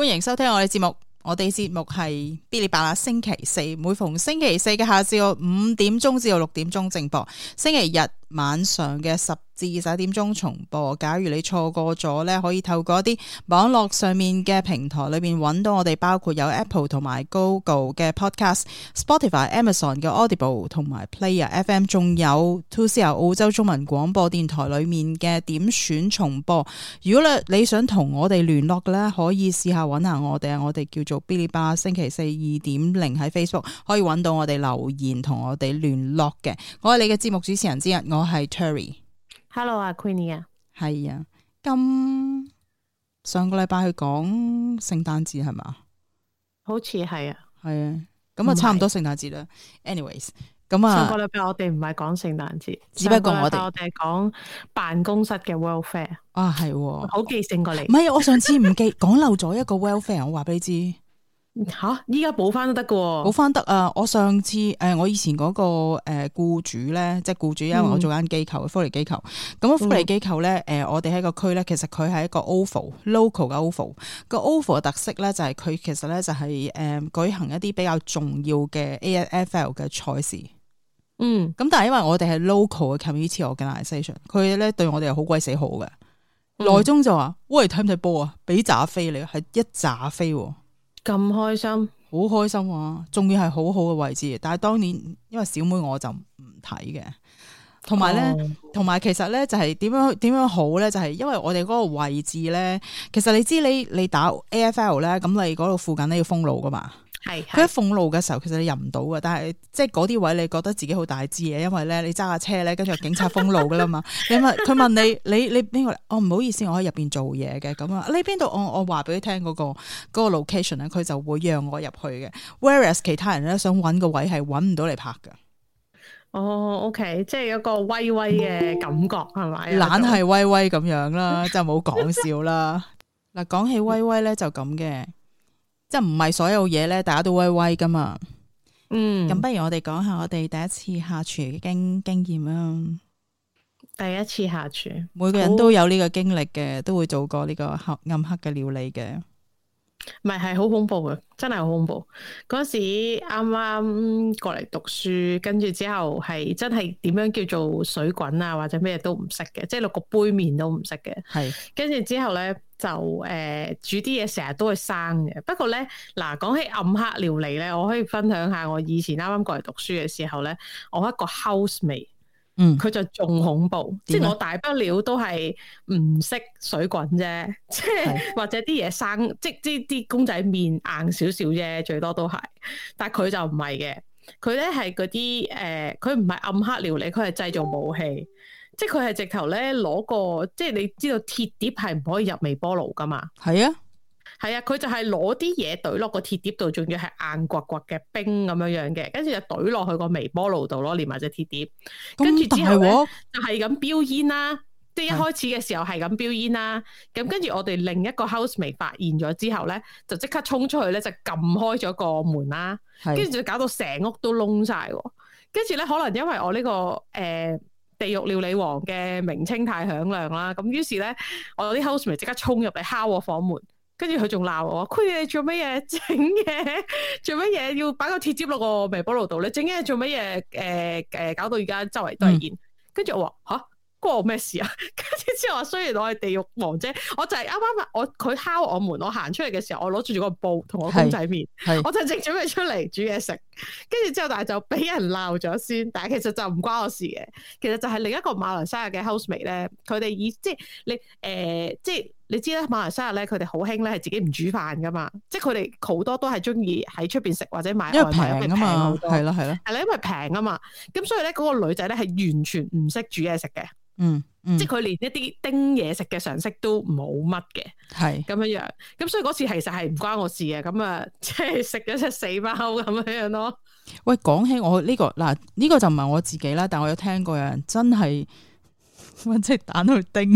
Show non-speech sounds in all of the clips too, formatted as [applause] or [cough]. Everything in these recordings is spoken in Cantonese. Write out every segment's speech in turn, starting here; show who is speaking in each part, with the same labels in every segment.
Speaker 1: 歡迎收聽我哋節目，我哋節目係嗶哩吧啦，星期四，每逢星期四嘅下晝五點鐘至到六點鐘正播，星期日，晚上嘅十至十一點鐘重播。假如你錯過咗咧，可以透過啲網絡上面嘅平台裏面揾到我哋，包括有 Apple 同埋 Google 嘅 Podcast、Spotify、Amazon 嘅 Audible 同埋 Player FM，仲有 2CR 澳洲中文廣播電台裏面嘅點選重播。如果你你想同我哋聯絡嘅咧，可以試下揾下我哋，啊，我哋叫做 Bilibala，星期四二點零喺 Facebook 可以揾到我哋留言同我哋聯絡嘅。我係你嘅節目主持人之一，我係 Terry，Hello 啊 Queenie 啊，係啊 Queen，今上個禮拜去講聖誕節係嘛？
Speaker 2: 好似係啊，係啊，咁啊差唔多聖誕節啦。Anyways，咁啊上個禮拜我哋唔係講聖誕節，只不過我哋我哋講辦公室嘅 welfare
Speaker 1: 啊，係好
Speaker 2: 記性過嚟，唔係、啊、我
Speaker 1: 上次唔記講 [laughs] 漏咗一個 welfare，我話俾你知。
Speaker 2: 吓！依家補翻
Speaker 1: 都得噶，補翻得啊！我上次誒、呃，我以前嗰個誒雇主咧，即係雇主，因為我做間機構嘅、嗯、福利機構，咁個福利機構咧，誒，我哋喺個區咧，其實佢係一個 Oval，Local 嘅 Oval，個 Oval 嘅特色咧就係、是、佢其實咧就係、是、誒、呃、舉行一啲比較重要嘅 AFL 嘅賽事，嗯，咁但係因為我哋係 Local 嘅 Community Organisation，佢咧對我哋又好鬼死好嘅，內、嗯、中就話：喂，睇唔睇波啊？俾炸飛你，係一炸飛、啊。咁開心，好開心啊，仲要係好好嘅位置。但係當年因為小妹我就唔睇嘅，同埋咧，同埋、oh. 其實咧就係點樣點樣好咧，就係、是、因為我哋嗰個位置咧，其實你知你你打 AFL 咧，咁你嗰度附近都要封路噶嘛。係佢喺封路嘅時候，其實你入唔到嘅。但係即係嗰啲位，你覺得自己好大支嘢，因為咧你揸下車咧，跟住警察封路噶啦嘛。 [laughs] 你問佢問你你你邊個嚟？哦，唔好意思，我喺入邊做嘢嘅。咁啊，呢邊度我我話俾你聽，嗰，嗰個，嗰個 location 咧，佢就會讓我入去嘅。whereas 其他人咧想搵個位係搵唔到嚟拍噶。哦，OK，即係有個威
Speaker 2: 威嘅感覺係咪？懶係，哦、
Speaker 1: 吧威威咁樣啦， [laughs] 就冇講笑啦。嗱，講起威威咧就咁嘅。即係唔係所有嘢咧，大家都威威噶嘛？嗯，咁不如我哋講下我哋第一次下廚嘅經經驗啦。第一次下廚，每個人都有呢個經歷嘅，好都會做過呢個
Speaker 2: 暗黑嘅料理嘅。
Speaker 1: 咪係好恐
Speaker 2: 怖嘅，真係好恐怖。嗰時啱啱過嚟讀書，跟住之後係真係點樣叫做水滾啊，或者咩都唔識嘅，即係六個杯麵都唔識嘅。係跟住之後咧，就誒、呃、煮啲嘢成日都會生嘅。不過咧，嗱，講起暗黑料理咧，我可以分享下我以前啱啱過嚟讀書嘅時候咧，我一個 housemate。嗯，佢就仲恐怖，樣即係我大不了都係唔識水滾啫，即係的 [laughs] 或者啲嘢生，即係啲公仔麵硬少少啫，最多都係，但係佢就唔係嘅，佢咧係嗰啲誒，佢唔係暗黑料理，佢係製造武器，即係佢係直頭咧攞個，即係你知道鐵碟係唔可以入微波爐噶嘛，係啊。係啊，佢就係攞啲嘢懟落個鐵碟度，仲要係硬骨骨嘅冰咁樣樣嘅，跟住就懟落去個微波爐度咯，連埋隻鐵碟。跟住之後就係咁飆煙啦，是即係一開始嘅時候係咁飆煙啦。咁跟住我哋另一個 housemate 發現咗之後咧，就即刻衝出去咧就撳開咗個門啦，跟住就搞到成屋都窿晒。跟住咧可能因為我呢、這個誒、呃、地獄料理王嘅名稱太響亮啦，咁於是咧我有啲 housemate 即刻衝入嚟敲我房門。跟住佢仲鬧我，佢你做乜嘢整嘢？做乜嘢要擺個鐵夾落個微波爐度咧？整嘢做乜嘢？誒、呃、誒，搞到而家周圍都係煙。跟住、嗯、我話吓，關我咩事啊？跟住之後話雖然我係地獄王啫，我就係啱啱我佢敲我門，我行出嚟嘅時候，我攞住住個布同我公仔麵，我就正準備出嚟煮嘢食。跟住之後，但係就俾人鬧咗先。但係其實就唔關我事嘅。其實就係另一個馬來西亞嘅 housemate 咧，佢哋以即係你誒，即係你，呃，你知啦，馬來西亞咧佢哋好興咧係自己唔煮飯噶嘛。即係佢哋好多都係中意喺出邊食或者買外賣啊嘛。係咯係咯，係咧，因為平啊嘛。咁所以咧，嗰個女仔咧係完全唔識煮嘢食嘅。嗯。嗯、即係佢連一啲叮嘢食嘅常識都冇乜嘅，係咁樣樣，咁所以嗰次其實係唔關我的事嘅，咁啊即係食咗隻死貓，咁樣樣咯。
Speaker 1: 喂，講起我呢、這個嗱呢、啊，這個就唔係我自己啦，但我有聽過有人真係搵隻蛋去叮，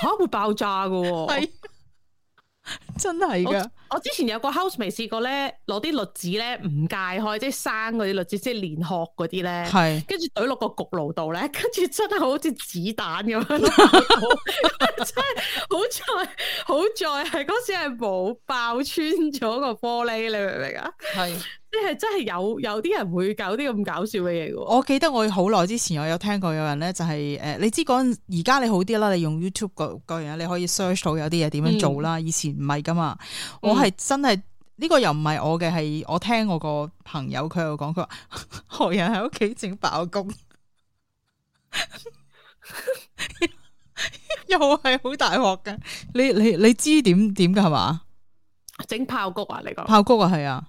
Speaker 2: 吓、 [laughs] 啊、會爆炸噶、啊。 [laughs] 真係噶，我之前有個 house 未試過咧，攞啲栗子咧唔解開，即係生嗰啲栗子，即係連殼嗰啲咧，係是，跟住懟落個焗爐度咧，跟住真係好似子彈咁樣 [laughs] [laughs] 真係，好在好在係嗰時係冇爆穿咗個玻璃，你明唔明啊？係。即係真係有有啲人會搞啲咁搞笑嘅嘢。
Speaker 1: 我記得我好耐之前我有聽過有人咧，就係、是、誒，你知嗰陣而家你好啲啦，你用 YouTube 個個樣，你可以 search 到有啲嘢點樣做啦。嗯、以前唔係噶嘛，我係真係呢、這個又唔係我嘅，係我聽我個朋友佢又講，佢話學人喺屋企整爆谷，
Speaker 2: [laughs] [laughs] 又係好大鑊㗎。
Speaker 1: 你你你知點點噶係嘛？
Speaker 2: 整爆谷啊！你
Speaker 1: 講爆谷啊，係啊。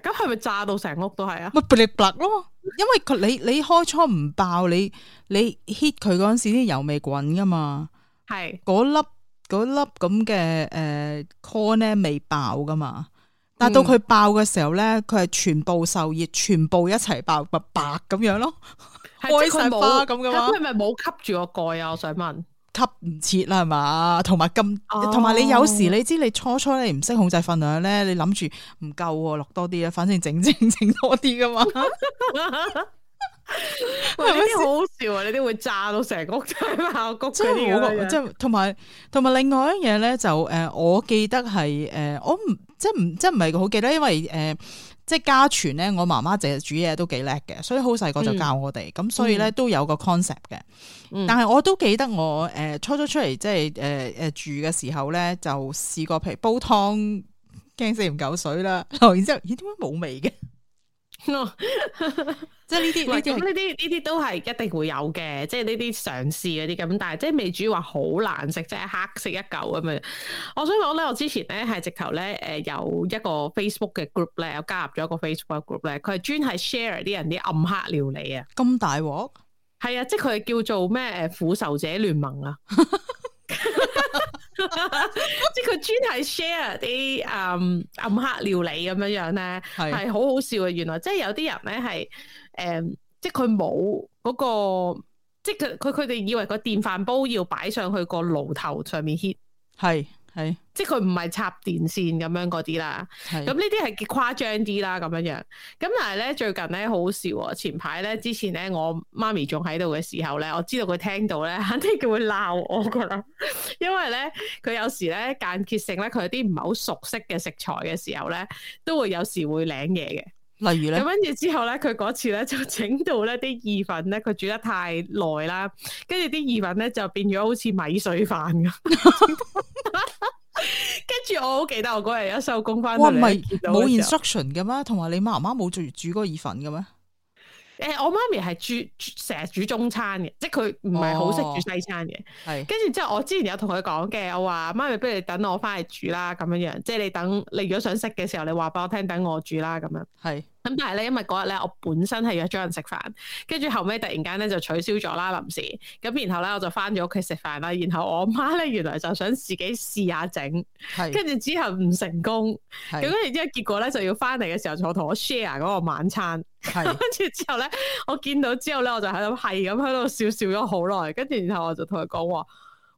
Speaker 2: 咁係咪炸到成屋都係啊？咪噼里啪啦咯，因為佢你
Speaker 1: 你開窗唔爆，你你 hit 佢嗰陣時啲油未滾噶嘛，係嗰粒嗰粒咁嘅誒 corn 咧未爆噶嘛，但到佢爆嘅時候咧，佢係、嗯、全部受熱，全部一齊爆，咪白咁樣
Speaker 2: 咯，開晒花咁噶嘛？佢咪冇吸住個蓋啊？我想問。吸唔
Speaker 1: 切啦，係嘛？同埋咁，同埋、oh. 你有時你知，你初初你唔識控制份量咧，你諗住唔夠落多啲，反正整整整多啲噶嘛。 [laughs]
Speaker 2: [laughs] 喂，呢啲好笑啊！ [laughs] 你啲會炸到成個屋仔爆谷嗰啲，即係
Speaker 1: 同埋同埋另外一樣嘢咧，就誒、呃，我記得係誒、呃，我唔即係唔即係唔係好記得，因為誒。呃即係家傳咧，我媽媽成日煮嘢都幾叻嘅，所以好細個就教我哋咁，嗯、所以咧都有個 concept 嘅。嗯、但係我都記得我誒、呃、初初出嚟，即係誒誒住嘅時候咧，就試過譬如煲湯驚死唔夠水啦，然之後咦點解冇味嘅？
Speaker 2: 哦，即係呢啲，呢啲呢啲都係一定會有嘅，即係呢啲嘗試嗰啲咁，但係即係未煮要話好難食，即係黑色一嚿咁樣。我想講咧，我之前咧係直頭咧，誒有一個 Facebook 嘅 group 咧，我加入咗一個 Facebook group 咧，佢係專係 share 啲人啲暗黑料理啊，咁大鑊，係啊，即係佢係叫做咩誒，苦仇者聯盟啊。 [laughs] [laughs] 即係佢專係 share 啲誒暗黑料理咁樣樣咧，係係好好笑嘅。原來即係有啲人咧係誒，即係佢冇嗰個，即係佢佢佢哋以為個電飯煲要擺上去個爐頭上面 heat 係。係，即係佢唔係插電線咁樣嗰啲啦，咁呢啲係幾誇張啲啦咁樣樣。咁但係咧最近咧好笑啊、哦，前排咧之前咧我媽咪仲喺度嘅時候咧，我知道佢聽到咧，肯定佢會鬧我噶啦， [laughs] 因為咧佢有時咧間歇性咧佢有啲唔係好熟悉嘅食材嘅時候咧，都會有時會領嘢嘅。例如咧，咁跟住之後咧，佢嗰次咧就整到咧啲意粉咧，佢煮得太耐啦，跟住啲意粉咧就變咗好似米水飯咁。跟住 [laughs] [laughs] 我好記得我，我嗰日一收工翻嚟，唔係冇 instruction
Speaker 1: 嘅咩？同埋你媽媽冇做煮過意粉嘅咩？
Speaker 2: 誒、欸，我媽咪係煮，成日煮中餐嘅，即係佢唔係好識煮西餐嘅。係、哦，跟住之後我之前有同佢講嘅，我話媽咪，不如你等我翻嚟煮啦，咁樣樣，即係你等，你如果想食嘅時候，你話俾我聽，等我煮啦，咁樣。係是，咁但係咧，因為嗰日咧，我本身係約咗人食飯，跟住後尾突然間咧就取消咗啦，臨時。咁然後咧，我就翻咗屋企食飯啦。然後我媽咧，原來就想自己試下整，跟住是之後唔成功。咁跟住之後，結果咧就要翻嚟嘅時候就同我 share 嗰個晚餐。跟住 [laughs] 之後咧，我見到之後咧，我就喺度係咁喺度笑笑咗好耐，跟住然後我就同佢講話，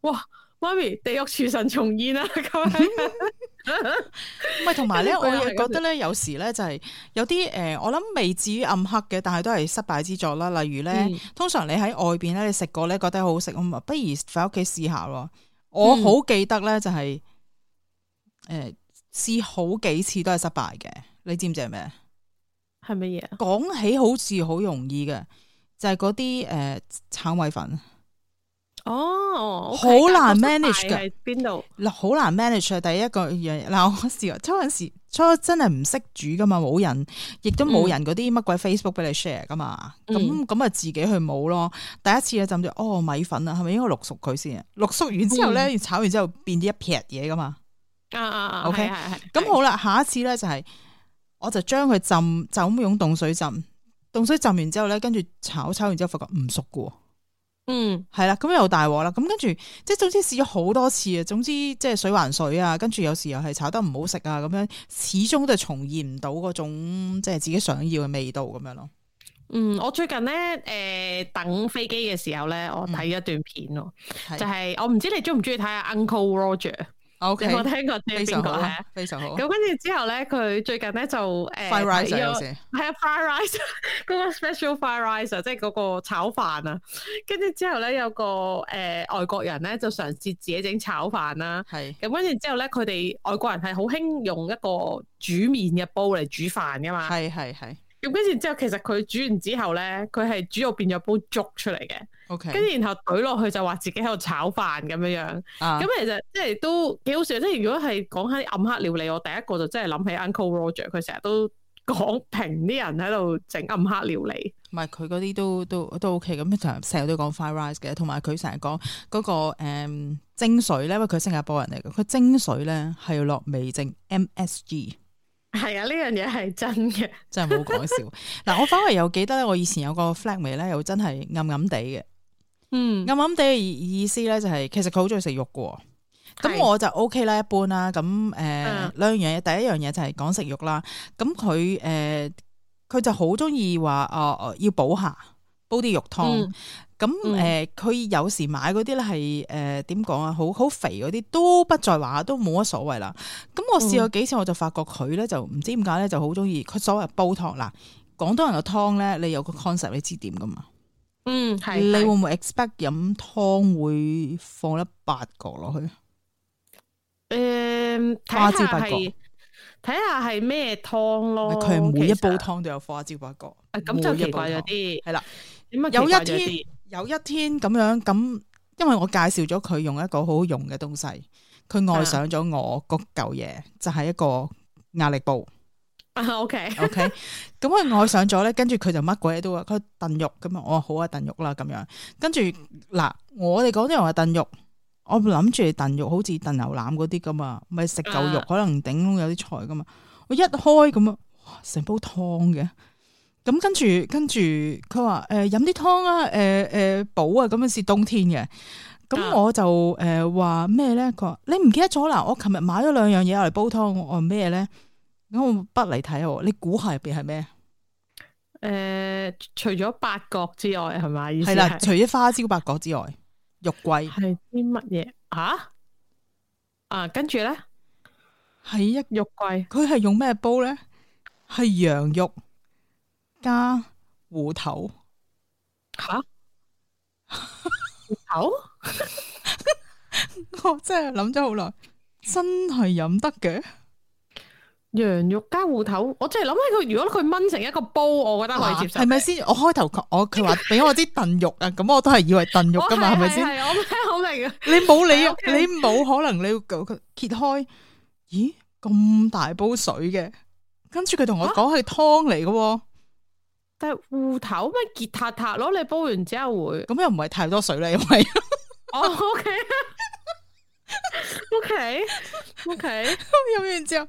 Speaker 2: 哇，媽咪，地獄廚神重現啦，啊！咁咪
Speaker 3: 同埋咧，我亦覺得咧、就是，
Speaker 1: 有時咧就係有啲誒，我諗未至於暗黑嘅，但係都係失敗之作啦。例如咧，嗯、通常你喺外邊咧，你食過咧，覺得好好食，咁啊，不如返屋企試下咯。嗯、我好記得咧、就是，就係誒試好幾次都係失敗嘅，你知唔知係咩？係乜嘢？講起好似好容易嘅，就係嗰啲誒炒米粉
Speaker 2: 哦，好、oh、okay, 難 manage 嘅。
Speaker 1: 邊度？嗱，好難 manage 啊！第一個樣，嗱，我試啊，初陣時初時真係唔識煮噶嘛，冇人，亦都冇人嗰啲乜鬼 Facebook 俾你 share 噶嘛。咁咁啊，自己去冇咯。第一次咧就諗住，哦，米粉啊，係咪應該渌熟佢先啊？渌熟完之後咧，炒完之後變啲一撇嘢噶嘛。
Speaker 2: 啊啊啊！OK，係咁、
Speaker 1: uh, okay? 好啦，下一次咧就係、是。我就將佢浸，就咁用凍水浸，凍水浸完之後咧，跟住炒，炒完之後發覺唔熟㗎，嗯，係啦，咁又大鑊啦，咁跟住即係總之試咗好多次啊，總之即係水還水啊，跟住有時又係炒得唔好食啊，咁樣始終都係重現唔到嗰種即係自己想要嘅味道咁樣咯。嗯，
Speaker 2: 我最近咧，誒、呃，等飛機嘅時候咧，我睇咗一段片咯，就係我唔知你中唔中意睇 Uncle Roger。有冇 Okay，聽過啲邊個咧？非常好，非常好。咁跟住之後咧，佢最近咧就誒，係、呃、啊，fire rice，嗰 [laughs] 個 special fire rice，即係嗰個炒飯啊。跟住之後咧，有個誒、呃、外國人咧就嘗試自己整炒飯啦。係。咁跟住之後咧，佢哋外國人係好興用一個煮麵嘅煲嚟煮飯噶嘛。係係係。咁跟住之後，其實佢煮完之後咧，佢係煮到變咗煲粥出嚟嘅。OK，跟住然後攵落去就話自己喺度炒飯咁樣樣。咁、啊、其實即係都幾好笑。即係如果係講喺暗黑料理，我第一個就真係諗起 Uncle Roger，佢成日都講評啲人喺度整暗黑料理。唔係佢嗰啲
Speaker 1: 都都都 OK 咁，佢成日都講 fried rice 嘅，同埋佢成日講嗰個誒蒸水咧，因佢、那個嗯、新加坡人嚟嘅，佢蒸水咧係落味精 MSG。
Speaker 2: 係啊，呢樣嘢係真嘅，真係冇講笑。
Speaker 1: 嗱、 [laughs] 啊，我反而又記得咧，我以前有個 flatmate 咧，又真係暗暗地嘅，嗯，暗暗地嘅意思咧就係，其實佢好中意食肉嘅，咁、嗯、我就 O K 啦，一般啦。咁誒，兩、呃嗯、樣嘢，第一樣嘢就係講食肉啦。咁佢誒，佢、呃、就好中意話，哦、呃、哦，要補下，煲啲肉湯。嗯咁誒，佢、嗯嗯、有時買嗰啲咧係誒點講啊？好、呃、好肥嗰啲都不在話，都冇乜所謂啦。咁、嗯、我、嗯、試過幾次，我就發覺佢咧就唔知點解咧就好中意佢所謂煲湯嗱。廣東人嘅湯咧，你有個 concept，你知點噶嘛？嗯，
Speaker 2: 係。你會唔會
Speaker 1: expect 飲湯會放一八角落去？誒、嗯，
Speaker 2: 花椒八角。睇下係咩湯咯。佢每一煲
Speaker 1: 湯都有花椒八角。咁、啊、就奇怪咗啲。係啦，咁啊，奇怪咗啲。有一天咁樣咁，因為我介紹咗佢用一個好用嘅東西，佢愛上咗我嗰舊嘢，啊、就係一個壓力煲。
Speaker 2: 啊，OK，OK，
Speaker 1: 咁佢愛上咗咧，跟住佢就乜鬼嘢都話佢燉肉咁啊，我話好啊，燉肉啦咁樣。跟住嗱，我哋嗰啲人話燉肉，我諗住燉肉好似燉牛腩嗰啲咁啊，咪食嚿肉，啊、可能頂有啲菜噶嘛。我一開咁啊，哇，成煲湯嘅。咁跟住，跟住佢話誒，飲啲湯啊，誒誒補啊，咁、呃呃、樣是冬天嘅。咁我就誒話咩咧？佢、呃、話你唔記得咗啦。我琴日買咗兩樣嘢嚟煲湯，我咩咧？咁我不嚟睇我，你估下入邊係咩？誒，
Speaker 2: 除咗八角之外，係咪？係啦，除
Speaker 1: 咗花椒、八角之外，肉桂係啲乜嘢？吓啊，啊，跟住咧係一肉桂，佢係用咩煲咧？係羊肉。加芋頭吓
Speaker 2: 芋頭， [laughs] [laughs] 我真係諗咗好耐，真係飲得嘅羊肉加芋頭。我真係諗起佢，如果佢炆成一個煲，我覺得可以接受。係咪先？
Speaker 1: 我開頭佢我佢話俾我知燉肉啊，咁 [laughs] 我都係以為燉肉噶嘛，係咪先？
Speaker 2: [laughs] 我明，好明啊。你冇理你，你冇
Speaker 1: 可能你要佢揭開？咦，咁大煲水嘅，
Speaker 2: 跟住佢同我講係湯嚟嘅。芋頭咁杰撻撻，攞你煲完之後會咁又唔係太多水啦，因為，
Speaker 4: 哦
Speaker 1: ，OK，OK，OK，飲完之後，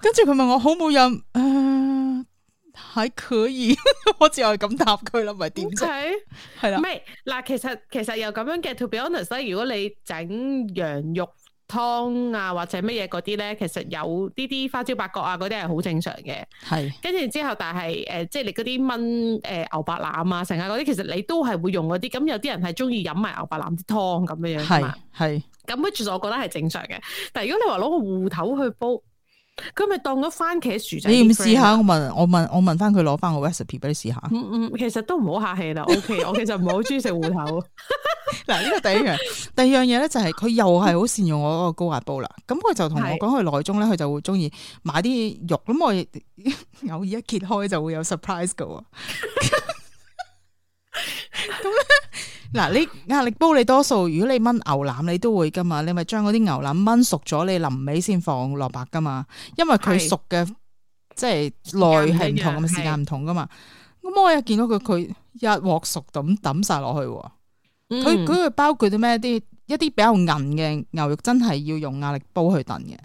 Speaker 1: 跟住佢問我好
Speaker 2: 冇好飲？誒、呃，還可以， [laughs] 我只係咁答佢啦，唔係點 OK 係啦，唔係嗱，其實其實又咁樣嘅 to be honest 如果你整羊肉。湯啊或者乜嘢嗰啲咧，其實有啲啲花椒八角啊嗰啲係好正常嘅。係是。跟住之後，但係誒、呃，即係你嗰啲燜誒牛白腩啊、成日嗰啲，其實你都係會用嗰啲。咁有啲人係中意飲埋牛白腩啲湯咁樣樣啊。係。咁跟住，我覺得係正常嘅。但係如果你話攞個芋頭去煲，佢咪當咗番茄薯仔？你唔試下？我
Speaker 1: 問我問我問翻佢攞翻個 recipe 俾你試下。嗯
Speaker 2: 嗯，其實都唔好客氣啦。 [laughs] o、OK, K，我其實唔係好中意食芋頭。嗱，呢個第一樣，第二樣嘢咧就係佢又
Speaker 1: 係好善用我嗰個高壓煲啦。咁佢就同我講佢耐中咧，佢就會中意買啲肉。咁是我偶爾一揭開就會有 surprise 噶。咁 [laughs] 咧。嗱，你壓力煲你多數，如果你炆牛腩你都會噶嘛，你咪將嗰啲牛腩炆熟咗，你臨尾先放蘿蔔噶嘛，因為佢熟嘅是即係耐係唔同，咁時間唔同噶嘛。咁是我又見到佢佢一鑊熟就咁抌晒落去，
Speaker 4: 佢佢嘅
Speaker 1: 包括啲咩啲一啲比較韌嘅牛肉，真係要用壓力煲去燉嘅，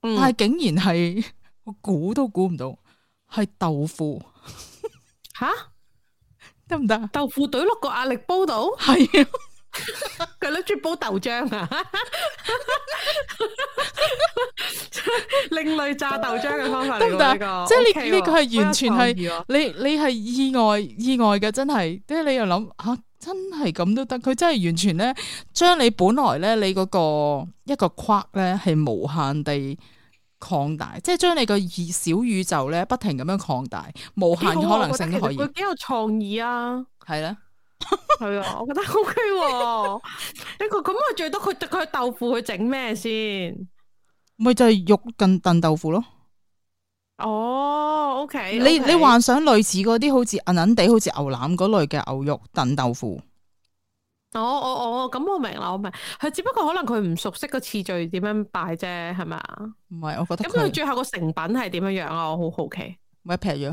Speaker 1: 嗯、但係竟然係我估都估唔到係豆腐嚇。 [laughs] 得唔得？行
Speaker 2: 行豆腐堆落個壓力煲到，係佢諗住煲豆漿啊，另類炸豆漿嘅方法得嚟嘅，即係你呢個係完全係哇，
Speaker 1: 你你係意外意外嘅，真係，即係你又諗 [laughs] 啊，真係咁都得，佢真係完全咧，將你本來咧你嗰個一個框咧係無限地。擴大，即係將你個小宇宙咧，不停咁樣擴大，無限嘅可能性都可以。佢
Speaker 2: 幾有創意啊！係咧，係啊，我覺得 OK。一個咁我最多佢佢
Speaker 1: 豆腐去整咩先？咪就係肉筋燉豆腐咯。
Speaker 2: 哦，oh，OK, okay. 你，你你幻想
Speaker 1: 類似嗰啲好似硬硬地，好似牛腩嗰類嘅牛肉燉豆腐。
Speaker 2: 哦，我我咁我明啦，我明，佢只不過可能佢唔熟悉個次序點樣擺啫，係咪啊？唔係，我覺得咁佢最後個成品係點樣樣啊？我好好奇，
Speaker 1: 咪劈咗，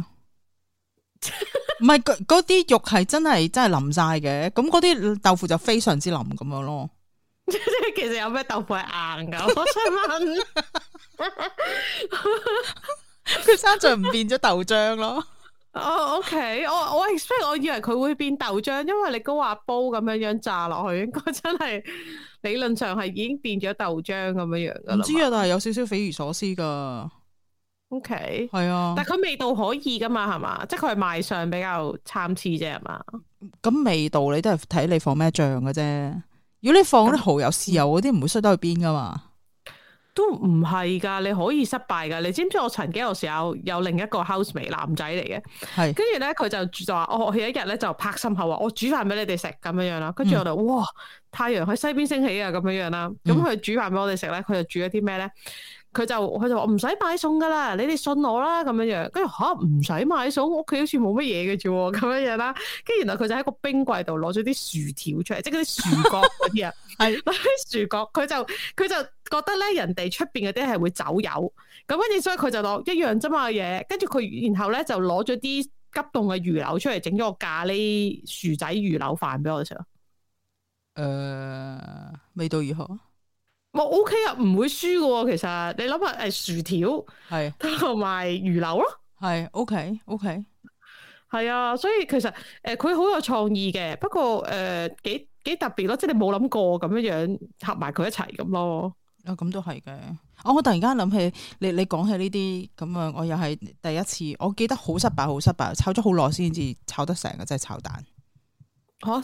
Speaker 1: 唔係嗰啲肉係真係真係腍晒嘅，咁嗰啲豆腐就非常之腍咁樣咯。
Speaker 2: 即係其實有咩豆腐係硬㗎？我想問，佢生就唔變咗豆漿咯？哦、oh，OK，我我 expect，我以為佢會變豆漿，因為你高壓煲咁樣樣炸落去，應該真係理論上係已經變咗豆漿咁樣樣噶啦。唔知啊，但係有少少匪夷所思噶。OK，係啊，但係佢味道可以噶嘛，係嘛，即係佢係賣相比較參差啫，係嘛。
Speaker 1: 咁味道你都係睇你放咩醬嘅啫。如果你放啲蠔油、豉油嗰啲，唔會衰得去邊噶嘛。那
Speaker 2: 都唔係噶，你可以失敗噶。你知唔知我曾經有時候有另一個 housemate 男仔嚟嘅，係跟住咧佢就就話，我有一日咧就拍心口話，我煮飯俾你哋食咁樣樣啦。跟住我哋、嗯、哇，太陽喺西邊升起啊咁樣樣啦。咁佢、嗯、煮飯俾我哋食咧，佢就煮咗啲咩咧？佢就佢就話唔使買餸㗎喇，你哋信我啦咁樣、啊、樣，跟住吓唔使買餸，屋企好似冇乜嘢嘅啫，咁樣樣啦。跟住然後佢就喺個冰櫃度攞咗啲薯條出嚟， [laughs] 即係嗰啲薯角嗰啲啊，係啲薯角。佢就佢就覺得咧，人哋出邊嗰啲係會走油。咁跟住所以佢就攞一樣啫嘛嘢，跟住佢然後咧就攞咗啲急凍嘅魚柳出嚟，整咗個咖喱薯仔魚柳飯俾我食。誒、呃，味道如何？我、哦、OK 啊，唔會輸嘅。其實你諗下，誒薯條係同埋魚柳咯，係 OK OK，係啊。所以其實誒佢好有創意嘅，不過誒、呃、幾幾特別咯，即係你冇諗過咁樣樣合埋佢一齊咁咯。啊，咁都係嘅。
Speaker 1: 哦，我突然間諗起你你講起呢啲咁啊，樣我又係第一次。我記得好失敗，好失敗，炒咗好耐先至炒得成嘅，即係炒蛋。吓、啊，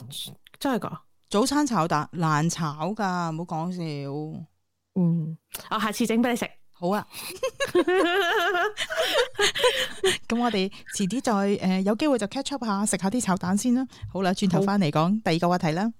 Speaker 1: 真係噶？早餐炒蛋難炒噶，唔好講笑。嗯，我下次整俾你食。好啊，咁 [laughs] [laughs] [laughs] 我哋遲啲再誒、呃，有機會就 catch up 下，食下啲炒蛋先啦。好啦，轉頭翻嚟講第二個話題啦。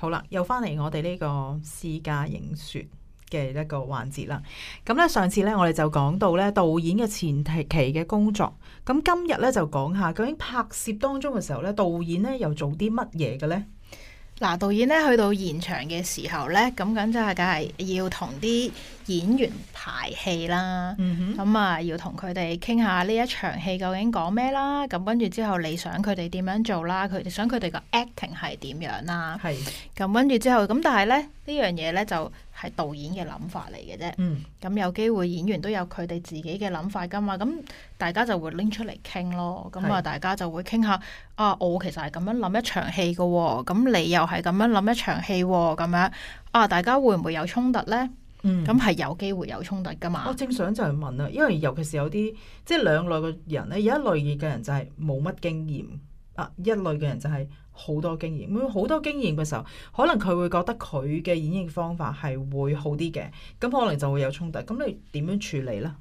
Speaker 1: 好啦，又翻嚟我哋呢個詩家影說嘅一個環節啦。咁咧上次咧我哋就講到咧導演嘅前提期嘅工作，咁今日咧就講下究竟拍攝當中嘅時候咧導演咧
Speaker 3: 又做啲乜嘢嘅咧？嗱、啊，導演咧去到現場嘅時候咧，咁緊就係梗係要同啲演員排戲啦。咁啊、嗯哼，要同佢哋傾下呢一場戲究竟講咩啦？咁跟住之後，你想佢哋點樣做啦？佢哋想佢哋個 acting 係點樣啦？係是。咁跟住之後，咁但係咧呢樣嘢咧就～係導演嘅諗法嚟嘅啫，咁、嗯、有機會演員都有佢哋自己嘅諗法噶嘛。咁大家就會拎出嚟傾咯，咁啊，大家就會傾下是啊。我其實係咁樣諗一場戲噶，咁你又係咁樣諗一場戲咁樣啊。大家會唔會有衝突呢？咁係、嗯、有機會有衝突噶嘛？我正想就係
Speaker 1: 問啦，因為尤其是有啲即係兩類嘅人咧，有一類嘅人就係冇乜經驗。一類嘅人就係好多經驗，好多經驗嘅時候，可能佢會覺得佢嘅演繹方法係會好啲嘅。咁可能就會有衝突。咁你點樣處理呢？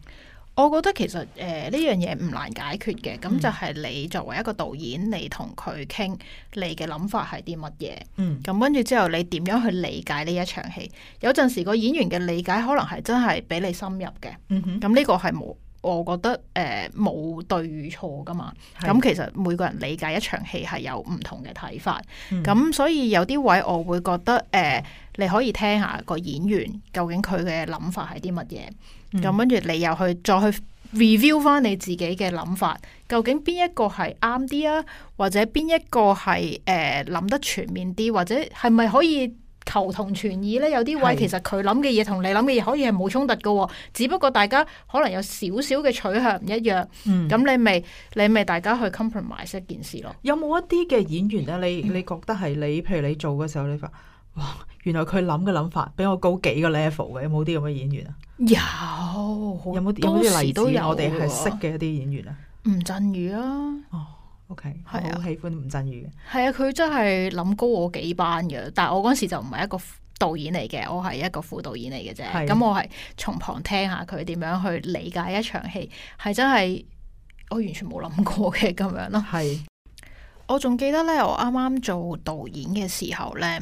Speaker 3: 我覺得其實誒呢、呃、樣嘢唔難解決嘅。咁就係你作為一個導演，你同佢傾，你嘅諗法係啲乜嘢？嗯。咁跟住之後，你點樣去理解呢一場戲？有陣時個演員嘅理解可能係真係比你深入嘅。嗯哼。咁呢個係冇。我覺得誒冇、呃、對與錯噶嘛，咁的其實每個人理解一場戲係有唔同嘅睇法，咁、嗯、所以有啲位我會覺得誒、呃，你可以聽下個演員究竟佢嘅諗法係啲乜嘢，咁跟住你又去再去 review 翻你自己嘅諗法，究竟邊一個係啱啲啊，或者邊一個係誒諗得全面啲，或者係咪可以？求同存異咧，有啲位其實佢諗嘅嘢同你諗嘅嘢可以係冇衝突嘅喎，只不過大家可能有少少嘅取向唔一樣。咁、嗯、你咪你咪大家去 compromise 一件事咯。
Speaker 1: 有冇一啲嘅演員啊？你你覺得係你譬如你做嘅時候，你話哇，原來佢諗嘅諗法比我高幾個 level 嘅？有冇啲咁嘅演員啊？
Speaker 3: 有。有冇啲都有。有有我哋係識
Speaker 1: 嘅一啲演員啊？
Speaker 3: 吳鎮宇啊。
Speaker 1: OK，我好喜歡吳鎮宇
Speaker 3: 嘅。係啊，佢真係諗高我幾班嘅，但係我嗰時就唔係一個導演嚟嘅，我係一個副導演嚟嘅啫。咁我係從旁聽下佢點樣去理解一場戲，係真係我完全冇諗過嘅咁樣咯。係，我仲記得咧，我啱啱做導演嘅時候咧，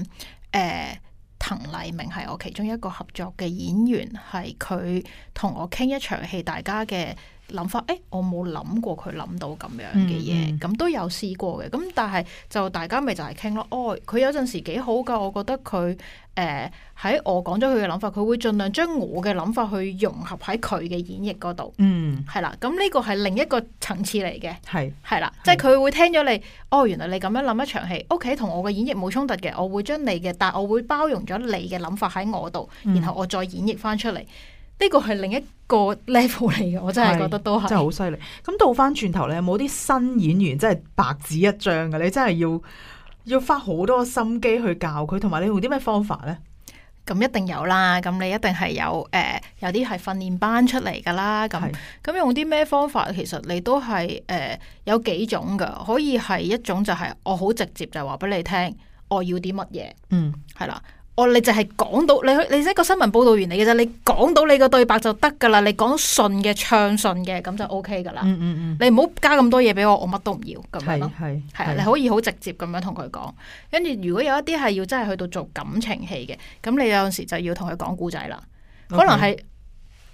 Speaker 3: 誒，滕麗明係我其中一個合作嘅演員，係佢同我傾一場戲，大家嘅。諗法，誒、欸，我冇諗過佢諗到咁樣嘅嘢，咁、嗯、都有試過嘅，咁但係就大家咪就係傾咯，哦，佢有陣時幾好噶，我覺得佢誒喺我講咗佢嘅諗法，佢會盡量將我嘅諗法去融合喺佢嘅演繹嗰度，嗯，係啦，咁呢個係另一個層次嚟嘅。係係是啦，是即係佢會聽咗你，哦，原來你咁樣諗一場戲，OK，同我嘅演繹冇衝突嘅，我會將你嘅，但係我會包容咗你嘅諗法喺我度，嗯、然後我再演繹翻出嚟。呢個係另一個 level 嚟嘅，我真係覺得都係真係好
Speaker 1: 犀利。咁倒返轉頭咧，有冇啲新演員真係白紙一張嘅？你真係要
Speaker 3: 要花好多心機去教佢，同埋你用啲咩方法咧？咁一定有啦，咁你一定係有誒、呃，有啲係訓練班出嚟噶啦。咁咁是用啲咩方法？其實你都係誒、呃、有幾種噶，可以係一種就係我好直接就話俾你聽，我要啲乜嘢。嗯，係啦。我、哦、你就係講到，到你去你即個新聞報道員嚟嘅啫，你講到你個對白就得噶啦，你講順嘅暢順嘅咁就 O K 噶啦。嗯嗯嗯，你唔好加咁多嘢俾我，我乜都唔要咁樣咯。係你可以好直接咁樣同佢講。跟住如果有一啲係要真係去到做感情戲嘅，咁你有陣時就要同佢講故仔啦。Okay. 可能係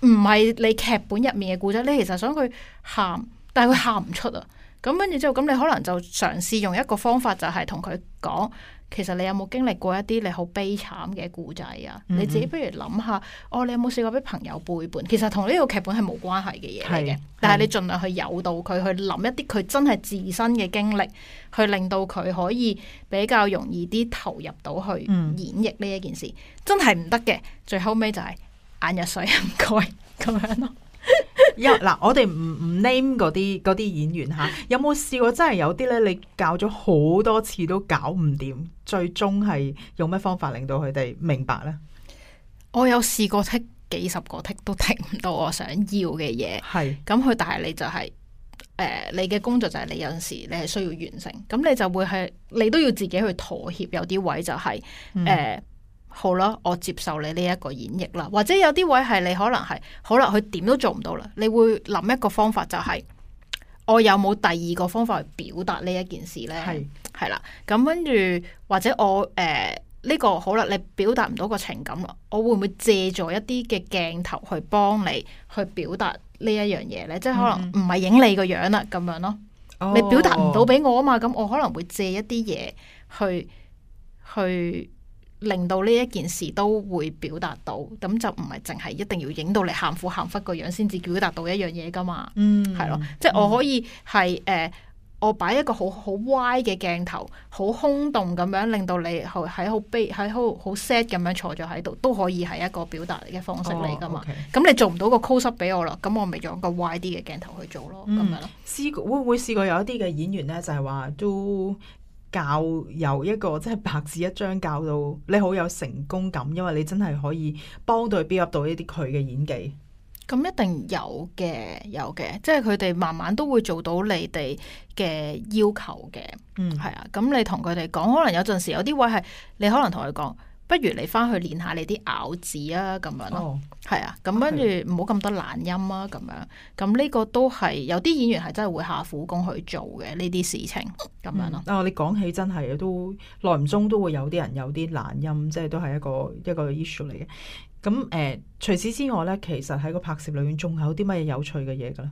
Speaker 3: 唔係你劇本入面嘅故仔，你其實想佢喊，但係佢喊唔出啊。咁跟住之後，咁你可能就嘗試用一個方法就，就係同佢講。其實你有冇經歷過一啲你好悲慘嘅故仔啊？嗯、你自己不如諗下，哦，你有冇試過俾朋友背叛？其實同呢個劇本係冇關係嘅嘢，係嘅。但係你盡量去誘導佢去諗一啲佢真係自身嘅經歷，去令到佢可以比較容易啲投入到去演繹呢一件事，嗯、真係唔得嘅。最後尾就係眼藥水唔該咁樣咯。
Speaker 1: 一嗱， [laughs] [laughs] 我哋唔唔 name 嗰啲嗰啲演員吓，有冇試過真係有啲咧？你搞咗好多次都搞唔掂，最終係用咩方法令到佢哋明白咧？
Speaker 3: [laughs] 我有試過剔幾十個剔都剔唔到我想要嘅嘢，係咁是，但係你就係、是、誒、呃，你嘅工作就係你有陣時你係需要完成，咁你就會係你都要自己去妥協，有啲位就係、是、誒。呃嗯好啦，我接受你呢一個演繹啦，或者有啲位係你可能係，好啦，佢點都做唔到啦，你會諗一個方法就係，我有冇第二個方法去表達呢一件事咧？係係啦，咁跟住或者我誒呢個好啦，你表達唔到個情感，我會唔會借助一啲嘅鏡頭去幫你去表達呢一樣嘢咧？即係可能唔係影你個樣啦，咁樣咯，
Speaker 4: 你表達唔
Speaker 3: 到俾我啊嘛，咁我可能會借一啲嘢去去。令到呢一件事都會表達到，咁就唔係淨係一定要影到你喊苦喊忽個樣先至表達到一樣嘢噶嘛，嗯，係咯，即係我可以係誒、嗯呃，我擺一個好好歪嘅鏡頭，好空洞咁樣，令到你係喺好悲喺好好 sad 咁樣坐咗喺度，都可以係一個表達嘅方式嚟噶嘛。咁你做唔到個 closeup 俾我啦，咁我咪用個歪啲嘅鏡頭去做咯，咁樣
Speaker 1: 咯。試過會唔會試過有一啲嘅演員咧，就係話都。教由一個即係白紙一張，教到你好有成功感，因為你真係可以幫到佢 build up 到一啲佢嘅演技。
Speaker 3: 咁、嗯、一定有嘅，有嘅，即係佢哋慢慢都會做到你哋嘅要求嘅。嗯，係啊。咁你同佢哋講，可能有陣時有啲位係你可能同佢講。不如你翻去練下你啲咬字啊，咁樣咯，係、oh, 啊，咁跟住唔好咁多懶音啊，咁樣，咁呢、這個都係有啲演員係真係會下苦功去做嘅呢啲事情，咁樣咯。啊、嗯哦，你講起真係
Speaker 1: 都耐唔中都會有啲人有啲懶音，即係都係一個一個 issue 嚟嘅。咁誒，除、呃、此之外咧，其實喺個拍攝裏面仲有啲乜嘢有趣嘅嘢噶咧？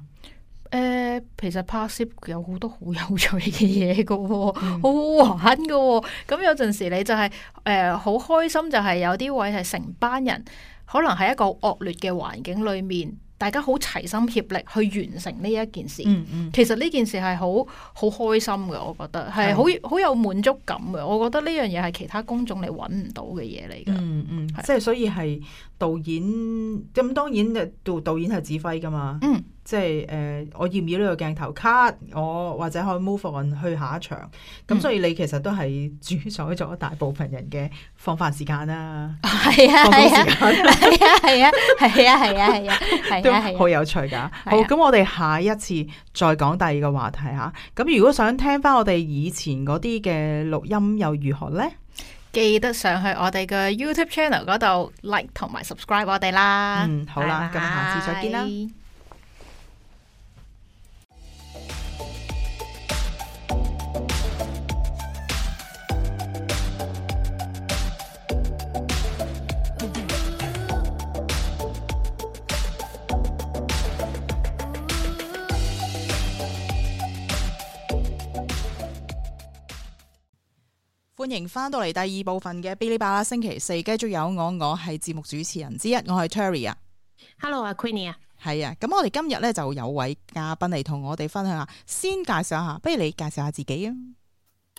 Speaker 3: 誒、呃，其實拍攝有好多好有趣嘅嘢嘅，好、嗯、好玩嘅，哦。咁有陣時你就係、是、誒、好、呃、開心就係有啲位係成班人，可能喺一個惡劣嘅環境裏面，大家好齊心協力去完成呢一件事。嗯嗯，其實呢件事係好好開心嘅，我覺得係好好有滿足感嘅。我覺得呢樣嘢係其他公眾你搵唔到嘅嘢嚟嘅。嗯的即
Speaker 1: 係所以係導演咁，當然嘅導導演係指揮噶嘛。嗯。即係誒，我要唔要呢個鏡頭卡？我或者可以 move on 去下一場。咁所以你其實都係主宰咗大部分人嘅放飯時間啦。係啊係啊係啊係啊係啊係啊係啊，都好有趣噶。好，咁我哋下一次再講第二個話題吓。咁如果想聽翻我哋以前嗰啲嘅錄音又如何呢？
Speaker 3: 記得上去我哋嘅 YouTube Channel 嗰度 like 同埋 subscribe 我哋啦。嗯，好啦，咁下次再見啦。
Speaker 1: 歡迎翻到嚟第二部分嘅《Bilibala 星期四》，繼續有我，我係節目主持人之一，我係 Terry 啊。
Speaker 2: Hello 啊，Queenie 啊，
Speaker 1: 係啊。咁我哋今日咧就有位嘉賓嚟同我哋分享下。先介紹下，不如你介紹下自己啊。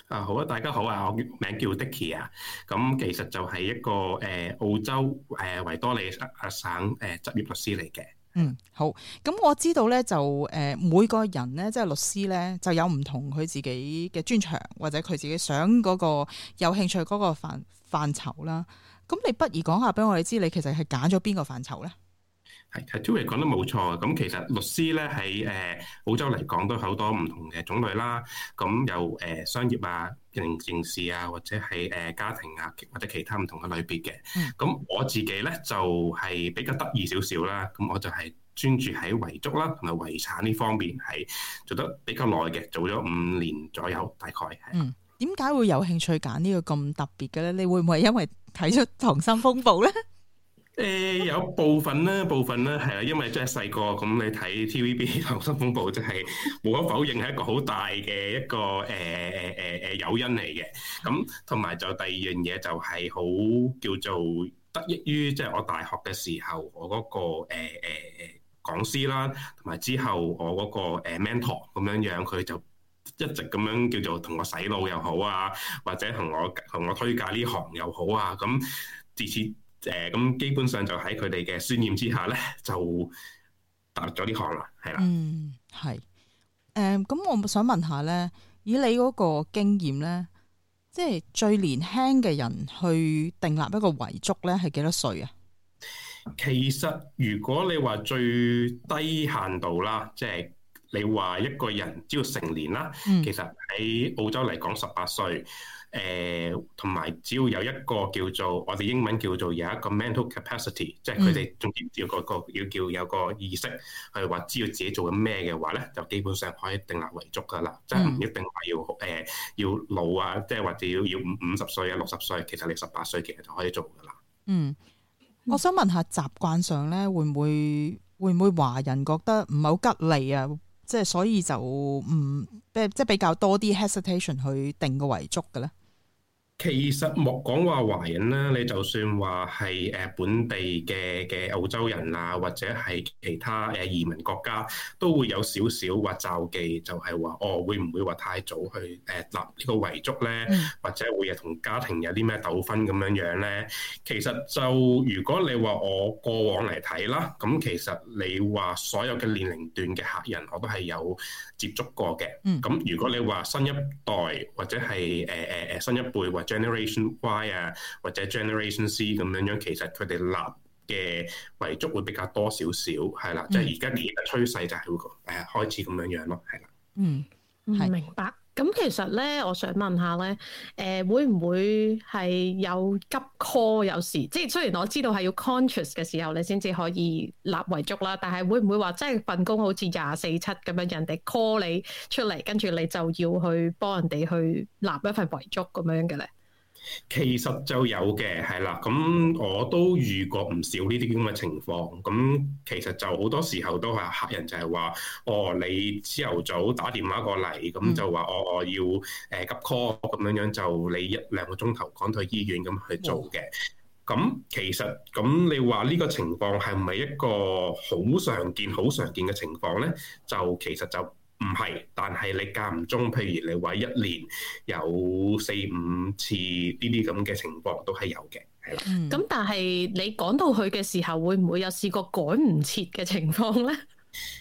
Speaker 4: 啊好啊，大家好啊，我名叫 Dikki 啊，咁其實就係一個誒、呃、澳洲誒維、呃、多利亞省誒職、呃、業律師嚟嘅。
Speaker 1: 嗯，好。咁我知道咧，就誒、呃，每個人咧，即係律師咧，就有唔同佢自己嘅專長，或者佢自己想嗰個有興趣嗰個範範疇啦。咁你不如講下俾我哋知，你其實係揀咗邊個範疇咧？
Speaker 4: 係，係 Toby 講得冇錯。咁其實律師咧喺誒澳洲嚟講都好多唔同嘅種類啦。咁有誒、呃、商業啊。刑事啊，或者係誒、呃、家庭啊，或者其他唔同嘅類別嘅。咁 [noise] 我自己咧就係、是、比較得意少少啦。咁我就係專注喺遺囑啦同埋遺產呢方面係做得比較耐嘅，做咗五年左右，大概係。
Speaker 1: 嗯，點解會有興趣揀呢個咁特別嘅咧？你會唔會係因為睇出溏心風暴咧？ [laughs]
Speaker 4: 誒 [laughs] [noise] 有部分啦，部分啦，係啦，因為即係細個咁，你睇 TVB《溏心風暴》即係無可否認係一個好大嘅一個誒誒誒誒誒誘因嚟嘅。咁同埋就第二樣嘢就係好叫做得益於即係我大學嘅時候，我嗰、個誒誒誒講師啦，同埋之後我嗰、個、呃、mentor 咁樣樣，佢就一直咁樣叫做同我洗腦又好啊，或者同我同我推介呢行又好啊，咁至此。誒咁基本上就喺佢哋嘅宣念之下咧，就踏入咗呢行啦，
Speaker 1: 係啦、嗯。嗯，係。誒咁，我想問下咧，以你嗰個經驗咧，即係最年輕嘅人去訂立一個遺囑咧，係幾多歲啊？
Speaker 4: 其實，如果你話最低限度啦，即係你話一個人只要成年啦，嗯、其實喺澳洲嚟講，十八歲。誒同埋，呃、只要有一個叫做我哋英文叫做有一個 mental capacity，即係佢哋仲要個個、嗯、要叫有個意識係話，知道自己做緊咩嘅話咧，就基本上可以定立遺囑噶啦。即係唔一定話要誒要、呃、要老啊，即係或者要要五十歲啊、六十歲，其實你十八歲其實就可以做噶啦。嗯，
Speaker 1: 我想問下習慣上咧，會唔會會唔會華人覺得唔係好吉利啊？即係所以就唔即係即係比較多啲 hesitation 去定個遺囑嘅咧？
Speaker 4: 其實莫講話華人啦，你就算話係誒本地嘅嘅澳洲人啊，或者係其他誒移民國家，都會有少少話禁忌，就係話哦，會唔會話太早去誒立呢個遺囑咧？或者會係同家庭有啲咩糾紛咁樣樣咧？其實就如果你話我過往嚟睇啦，咁其實你話所有嘅年齡段嘅客人我都係有接觸過嘅。咁如果你話新一代或者係誒誒誒新一輩或 Generation Y 啊，或者 Generation C 咁樣樣，其實佢哋立嘅遺囑會比較多少少，係啦，嗯、即係而家年嘅趨勢就係嗰個誒開始咁樣樣咯，係啦、嗯。嗯，
Speaker 2: 係明白。咁其實咧，我想問下咧，誒、呃、會唔會係有急 call 有時？即係雖然我知道係要 conscious 嘅時候你先至可以立遺囑啦，但係會唔會話即係份工好似廿四七咁樣，人哋 call 你出嚟，跟住你就要去幫人哋去立一份遺囑
Speaker 3: 咁樣嘅咧？
Speaker 4: 其實就有嘅，係啦，咁我都遇過唔少呢啲咁嘅情況。咁其實就好多時候都係客人就係話：哦，你朝頭早打電話過嚟，咁就話哦，我要誒急 call，咁樣樣就你一兩個鐘頭趕到醫院咁去做嘅。咁其實咁你話呢個情況係唔係一個好常見、好常見嘅情況咧？就其實就。唔係，但係你間唔中，譬如你話一年有四五次呢啲咁嘅情況都係有嘅，係
Speaker 2: 啦。咁、嗯、但係你講到佢嘅時候，會唔會有試過改唔切嘅情況咧？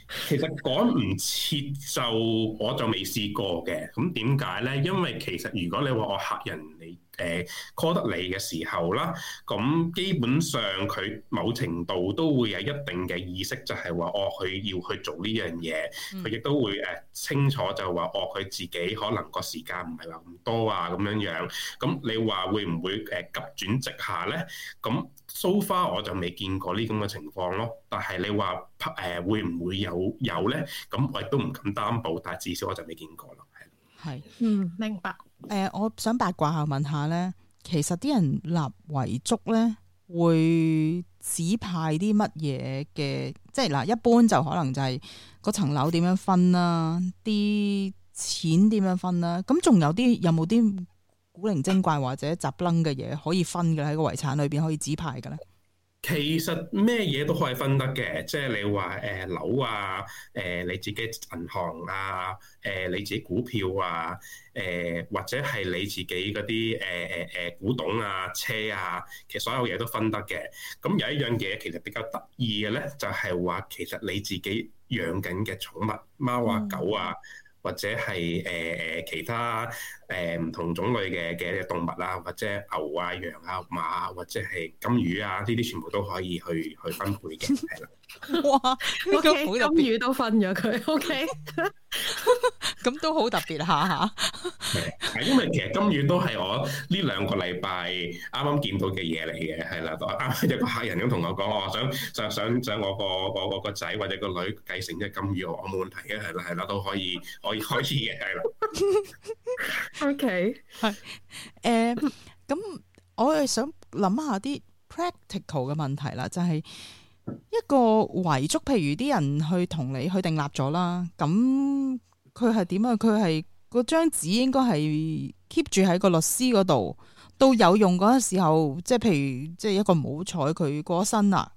Speaker 4: [laughs] 其實講唔切就我就未試過嘅，咁點解咧？因為其實如果你話我客人、呃、你誒 call 得你嘅時候啦，咁基本上佢某程度都會有一定嘅意識，就係、係、話哦佢要去做呢樣嘢，佢亦、嗯、都會誒、呃、清楚就話哦佢自己可能個時間唔係話咁多啊咁樣樣。咁你話會唔會誒、呃、急轉直下咧？咁 so far 我就未見過呢咁嘅情況咯。但係你話誒、呃、會唔會有？有咧，咁我亦都唔敢擔保，但係至少我就未見過咯，
Speaker 1: 係是。嗯，明白。誒、呃，我想八卦下，問下咧，其實啲人立遺囑咧，會指派啲乜嘢嘅？即係嗱、呃，一般就可能就係嗰層樓點樣分啦、啊，啲錢點樣分啦、啊，咁仲有啲有冇啲古靈精怪或者雜愣嘅嘢可以分嘅喺個遺產裏邊可以指派嘅咧？
Speaker 4: 其實咩嘢都可以分得嘅，即係你話誒樓啊，誒、呃、你自己銀行啊，誒、呃、你自己股票啊，誒、呃、或者係你自己嗰啲誒誒誒古董啊、車啊，其實所有嘢都分得嘅。咁、嗯、有一樣嘢其實比較得意嘅咧，就係話其實你自己養緊嘅寵物貓啊、狗啊，或者係誒誒其他。誒，唔、呃、同種類嘅嘅動物啦，或者牛啊、羊啊、馬，或者係金魚啊，呢啲全部都可以去去分配嘅，
Speaker 2: 係啦。 [laughs] 哇，OK，金魚都分咗佢，OK，咁 [laughs] [laughs] 都好特別下
Speaker 4: 吓。係，因為其實金魚都係我呢兩個禮拜啱啱見到嘅嘢嚟嘅，係啦。啱啱有個客人咁同我講，我想想想想我個我我個仔或者個女繼承隻金魚，我冇問題嘅，係啦係啦，都可以可以可以嘅，係啦。
Speaker 2: [laughs] O
Speaker 1: K，係，誒 Okay.，咁、呃、我係想諗下啲 practical 嘅問題啦，就係、是、一個遺囑，譬如啲人去同你去訂立咗啦，咁佢係點啊？佢係嗰張紙應該係 keep 住喺個律師嗰度，到有用嗰個時候，即係譬如即係一個唔好彩佢過身啦。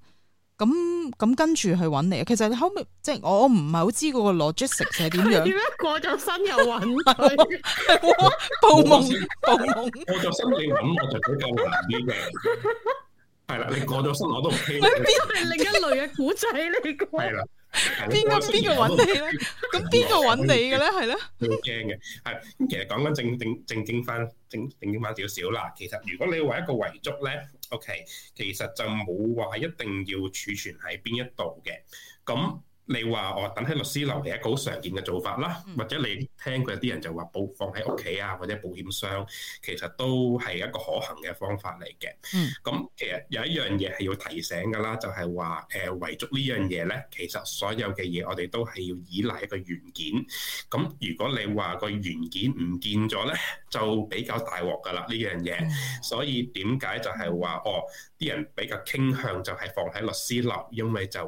Speaker 1: 咁咁跟住去揾你，其實你後屘即係我唔係好知嗰個邏輯
Speaker 4: 性係點樣。點
Speaker 3: 解
Speaker 2: 過咗身又揾佢？
Speaker 3: 報夢
Speaker 4: 報夢。過咗身你揾我就比較難啲嘅。係啦，你過咗身我都唔。邊係另
Speaker 2: 一類嘅古仔嚟嘅。
Speaker 4: 係啦，邊個邊個揾你咧？咁邊個揾你嘅咧？係咧。好驚嘅，係咁。其實講緊正正正經翻，正正經翻少少啦。其實如果你為一個遺囑咧。OK，其實就冇話一定要儲存喺邊一度嘅，咁，你話哦，等喺律師樓嚟一個好常見嘅做法啦，嗯、或者你聽佢有啲人就話保放喺屋企啊，或者保險箱，其實都係一個可行嘅方法嚟嘅。咁、嗯嗯、其實有一樣嘢係要提醒㗎啦，就係話誒遺囑呢樣嘢咧，其實所有嘅嘢我哋都係要依賴一個原件。咁如果你話個原件唔見咗咧，就比較大鑊噶啦呢樣嘢。嗯、所以點解就係、是、話哦？啲人比較傾向就係放喺律師樓，因為就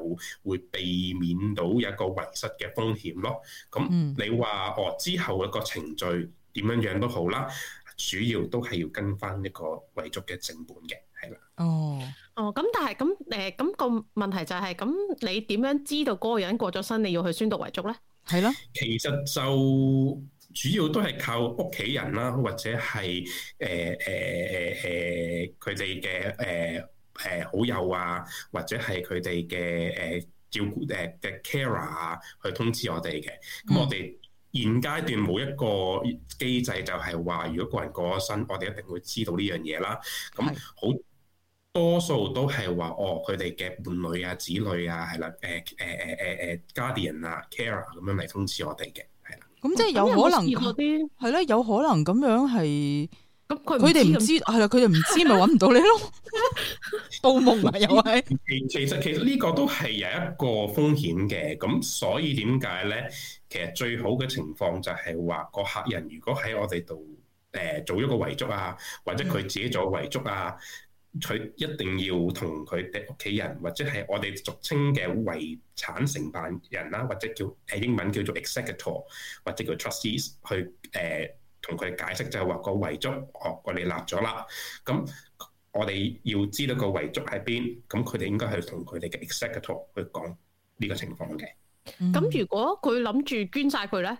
Speaker 4: 會避免到一個遺失嘅風險咯。咁你話、嗯、哦之後一個程序點樣樣都好啦，主要都係要跟翻一個遺囑嘅成本嘅，係啦。
Speaker 2: 哦哦，咁、哦、但係咁誒咁個問題就係、是、咁，你點樣知道嗰個人過咗身，你要去宣讀遺囑咧？係
Speaker 4: 咯的，其實就。主要都係靠屋企人啦，或者係誒誒誒誒佢哋嘅誒誒好友啊，或者係佢哋嘅誒照顧誒嘅 carer 啊，去通知我哋嘅。咁我哋現階段冇一個機制，就係話如果個人過咗身，我哋一定會知道呢樣嘢啦。咁好多數都係話，éc à 是的 哦，佢哋嘅伴侶啊、子女啊，係啦，誒誒誒誒誒 guardian 啊、carer 咁樣嚟通知我哋嘅。啊啊
Speaker 1: 咁、嗯、即係有可能啲，係咧，有可能咁樣係，咁佢佢哋唔知係啦，佢哋唔知咪揾唔到你咯，
Speaker 4: 盜夢啊又係？其其實其實呢個都係有一個風險嘅，咁所以點解咧？其實最好嘅情況就係話個客人如果喺我哋度誒做一個遺囑啊，或者佢自己做遺囑啊。 [laughs] 佢一定要同佢哋屋企人，或者係我哋俗稱嘅遺產承辦人啦，或者叫誒英文叫做 executor，或者叫 trustees 去誒同佢解釋，就係、係、話個遺囑我我哋立咗啦。咁我哋要知道個遺囑喺邊，咁佢哋應該係同佢哋嘅 executor 去講呢個情況嘅。
Speaker 2: 咁、嗯、如果佢諗住捐晒佢咧？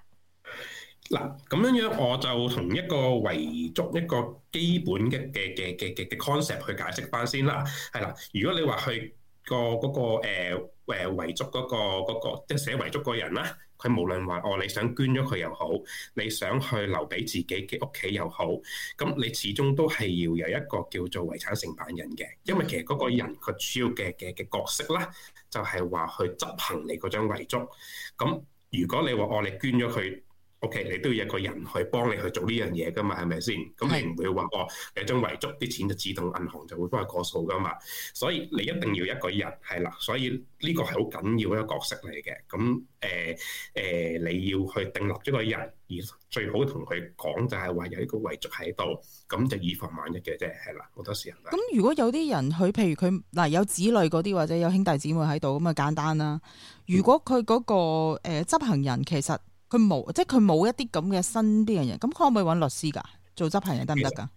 Speaker 4: 嗱，咁樣樣我就同一個遺囑一個基本嘅嘅嘅嘅嘅嘅 concept 去解釋翻先啦。係啦，如果你話去、嗰個嗰、嗰個誒誒、呃呃、遺囑嗰、嗰個、嗰個、即係寫遺囑嗰人啦，佢無論話哦你想捐咗佢又好，你想去留俾自己嘅屋企又好，咁你始終都係要有一個叫做遺產承辦人嘅，因為其實嗰個人佢主要嘅嘅嘅角色啦，就係、是、話去執行你嗰張遺囑。咁如果你話我、哦、你捐咗佢。O.K. 你都要一個人去幫你去做呢樣嘢噶嘛，係咪先？咁、嗯、你唔會話係哦，你將遺囑啲錢就自動銀行就會幫你過數噶嘛。所以你一定要一個人係啦，所以呢個係好緊要一個角色嚟嘅。咁誒誒，你要去定立一個人，而最好同佢講就係話有一個遺囑喺度，咁就以防萬一嘅啫。係啦，好多時人咁，
Speaker 1: 如果有啲人佢譬如佢嗱、呃、有子女嗰啲或者有兄弟姊妹喺度，咁啊簡單啦。如果佢嗰、嗰個誒、呃呃呃、執行人其實，佢冇，即係佢冇一啲咁嘅身邊嘅人，咁可唔可以揾律師㗎做執行人得唔得
Speaker 4: 㗎？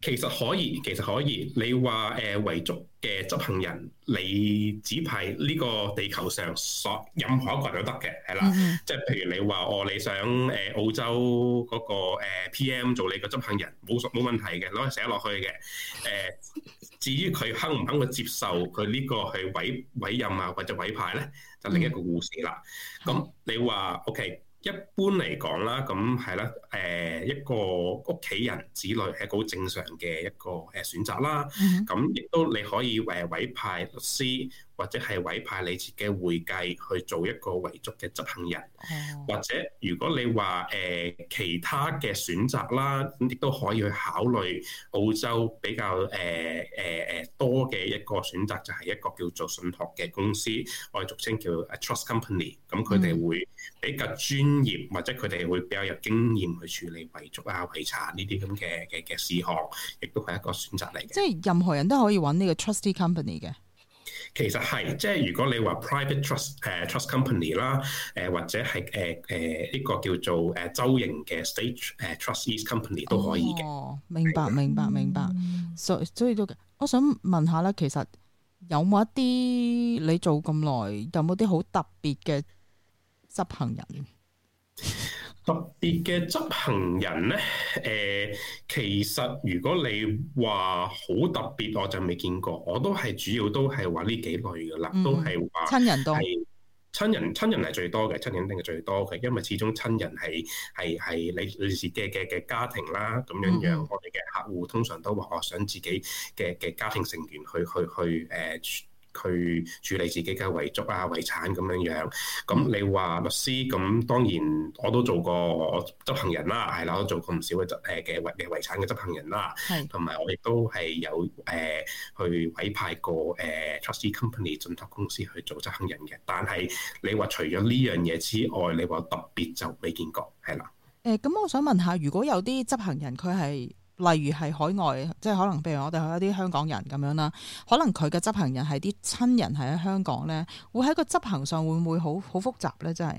Speaker 4: 其實可以，其實可以。你話誒遺囑嘅執行人，你指派呢個地球上所任何一個人都得嘅，係啦。即係譬如你話哦，你想誒、呃、澳洲嗰個 P.M. 做你個執行人，冇冇問題嘅，攞嚟寫落去嘅。誒、呃，至於佢肯唔肯去接受佢呢個去委委任啊或者委派咧，就另一個故事啦。咁、嗯、你話 O.K. 一般嚟講啦，咁係啦，誒一個屋企人子女係一個好正常嘅一個誒選擇啦。咁亦都你可以誒委派律師。或者係委派你自己嘅會計去做一個遺囑嘅執行人，oh. 或者如果你話誒、呃、其他嘅選擇啦，咁亦都可以去考慮澳洲比較誒誒誒多嘅一個選擇，就係、是、一個叫做信託嘅公司，我哋俗稱叫、誒、trust company、嗯。咁佢哋會比較專業或者佢哋會比較有經驗去處理遺囑啊、遺產呢啲咁嘅嘅嘅事項，亦都係一個選擇嚟嘅。即係
Speaker 1: 任何人都可以揾呢個 trusty company 嘅。
Speaker 4: 其實係，即係如果你話 private trust 誒、uh, trust company 啦、呃，誒或者係誒誒呢個叫做誒州營嘅 state 誒 trustees company 都可以嘅。哦，
Speaker 1: 明白明白明白。所、嗯、所以都，我想問下啦，其實有冇一啲你做咁耐，有冇啲好特別嘅執行人？ [laughs]
Speaker 4: 特別嘅執行人呢，誒、呃，其實如果你話好特別，我就未見過。我都係主要都係話呢幾類嘅啦，嗯、都係話親人都係親人，親人係最多嘅，親人定係最多嘅，因為始終親人係係係你女士嘅嘅嘅家庭啦。咁樣樣，嗯、我哋嘅客戶通常都話，我想自己嘅嘅家庭成員去去去誒。呃去處理自己嘅遺囑啊、遺產咁樣樣，咁你話律師咁當然我都做過執行人啦，係啦，我都做過唔少嘅執誒嘅遺嘅遺產嘅執行人啦，係的，同埋我亦都係有誒、呃、去委派過誒 trustee company 信託公司去做執行人嘅，但係你話除咗呢樣嘢之外，你話特別就未見過，係啦。
Speaker 1: 誒、呃，咁我想問下，如果有啲執行人佢係。例如係海外，即係可能，譬如我哋去一啲香港人咁樣啦，可能佢嘅執行人係啲親人喺香港咧，會喺個執行上會唔會好好複雜咧？真係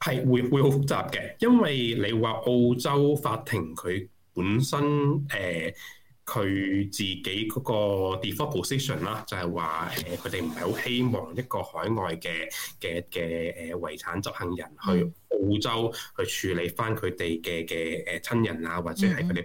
Speaker 4: 係會會好複雜嘅，因為你話澳洲法庭佢本身誒佢、呃、自己嗰個 default position 啦，就係話誒佢哋唔係好希望一個海外嘅嘅嘅誒遺產執行人去澳洲去處理翻佢哋嘅嘅誒親人啊，或者係佢哋。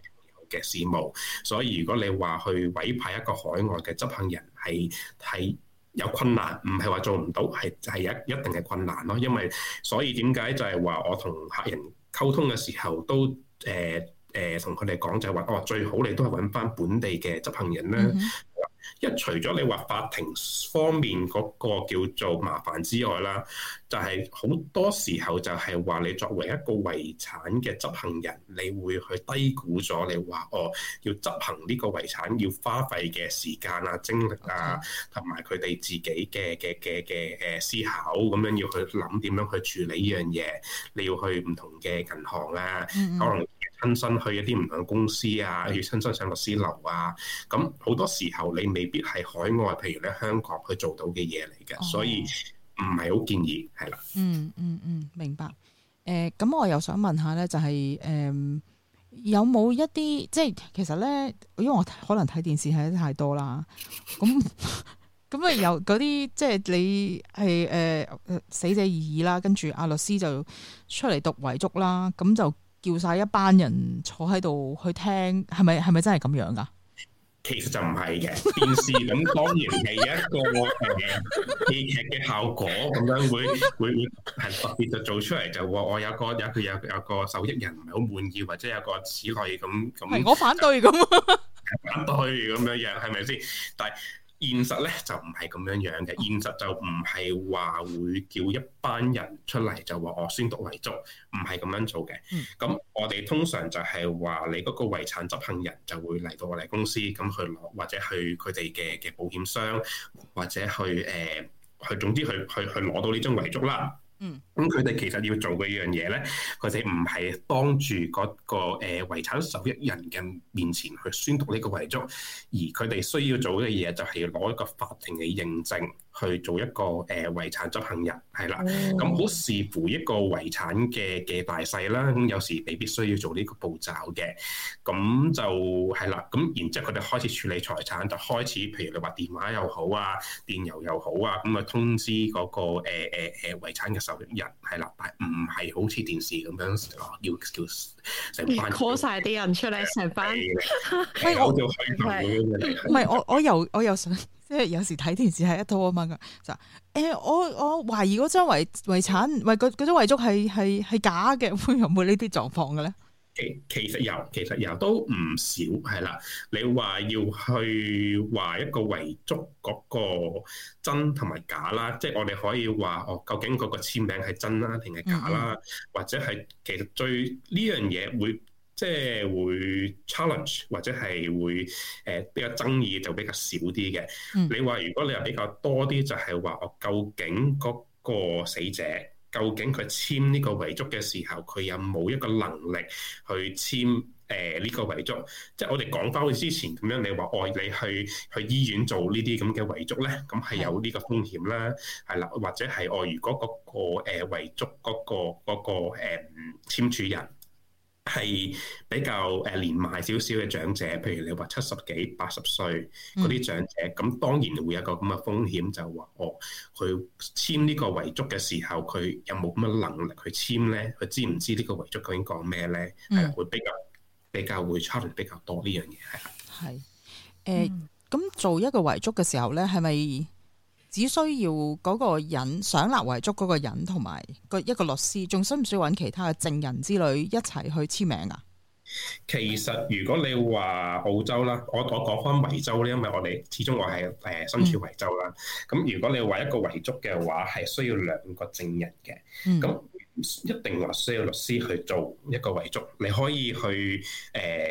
Speaker 4: 嘅事務，所以如果你話去委派一個海外嘅執行人係係有困難，唔係話做唔到，係係一一定嘅困難咯。因為所以點解就係話我同客人溝通嘅時候都誒誒同佢哋講就係話，哦，最好你都係揾翻本地嘅執行人咧。Mm hmm. 一除咗你話法庭方面嗰個叫做麻煩之外啦，就係、是、好多時候就係話，你作為一個遺產嘅執行人，你會去低估咗你話哦，要執行呢個遺產要花費嘅時間啊、精力啊，同埋佢哋自己嘅嘅嘅嘅誒思考咁樣要去諗點樣去處理呢樣嘢，你要去唔同嘅銀行啊，mm hmm. 可能。親身去一啲唔同嘅公司啊，要親身上律師樓啊，咁、嗯、好多時候你未必係海外，譬如咧香港去做到嘅嘢嚟嘅，哦、所以唔係好建議係啦、嗯。嗯嗯嗯，
Speaker 1: 明白。誒、呃，咁我又想問下咧、就係，就係誒，有冇一啲即係其實咧，因為我可能睇電視睇得太多啦。咁咁啊，咁有嗰啲 [laughs] 即係你係誒、呃、死者而已啦，跟住阿律師就出嚟讀遺囑啦，咁就。叫晒一班人坐喺度去聽，係咪係咪真係咁樣㗎？
Speaker 4: 其實就唔係嘅，電視咁當然係一個戲、 [laughs] 呃、劇嘅效果，咁樣會會會係特別就做出嚟，就話我有個有佢有有個受益人唔係好滿意，或者有個此類咁咁。我反對咁反對咁樣樣係咪先？但係。現實咧就唔係咁樣樣嘅，現實就唔係話會叫一班人出嚟就話我宣讀遺囑，唔係咁樣做嘅。咁、嗯、我哋通常就係話你嗰個遺產執行人就會嚟到我哋公司，咁去攞或者去佢哋嘅嘅保險箱，或者去誒去、呃、總之去去去攞到呢張遺囑啦。嗯，咁佢哋其實要做嘅一樣嘢咧，佢哋唔係當住嗰個誒遺產受益人嘅面前去宣讀呢個遺囑，而佢哋需要做嘅嘢就係要攞一個法庭嘅認證。去做一個誒遺產執行人係啦，咁好視乎一個遺產嘅嘅大細啦。咁有時你必須要做呢個步驟嘅，咁就係啦。咁然之後佢哋開始處理財產，就開始譬如你話電話又好啊，電郵又好啊，咁啊通知嗰個誒誒誒遺產嘅受益人係啦，但係唔係好似電視咁樣要叫成班 call
Speaker 2: 曬啲人出嚟
Speaker 4: 成班。喂我唔係我
Speaker 1: 我又我又想。即係有時睇電視係一套啊嘛，就、欸、誒我我懷疑嗰張遺遺產，喂嗰嗰張遺囑係係係假嘅，會有冇呢啲狀況嘅咧？
Speaker 4: 其其實有，其實有都唔少係啦。你話要去話一個遺囑嗰個真同埋假啦，即係我哋可以話哦，究竟嗰個簽名係真啦定係假啦，嗯嗯或者係其實最呢樣嘢會。即係會 challenge 或者係會誒、呃、比較爭議就比較少啲嘅。嗯、你話如果你話比較多啲，就係話我究竟嗰個死者究竟佢簽呢個遺囑嘅時候，佢有冇一個能力去簽誒呢個遺囑？即係我哋講翻去之前咁樣，你話哦，你去去醫院做這這呢啲咁嘅遺囑咧，咁係有呢個風險啦，係啦、嗯，或者係我如果嗰、那個誒、呃、遺囑嗰、那個嗰、那個呃、簽署人。係比較誒年邁少少嘅長者，譬如你話七十幾八十歲嗰啲長者，咁、嗯、當然會有個咁嘅風險，就話、是、哦，佢簽呢個遺囑嘅時候，佢有冇咁嘅能力去簽咧？佢知唔知呢個遺囑究竟講咩咧？係、嗯、會比較比較會差別比較多呢樣嘢係。
Speaker 1: 係誒，咁、呃嗯、做一個遺囑嘅時候咧，係咪？只需要嗰個人想立遺囑嗰個人同埋個一個律師，仲需唔需要揾其他嘅證人之類一齊去簽名啊？
Speaker 4: 其實如果你話澳洲啦，我我講翻維州咧，因為我哋始終我係誒身處維州啦。咁、嗯、如果你話一個遺囑嘅話，係需要兩個證人嘅。咁、嗯、一定話需要律師去做一個遺囑，你可以去誒。呃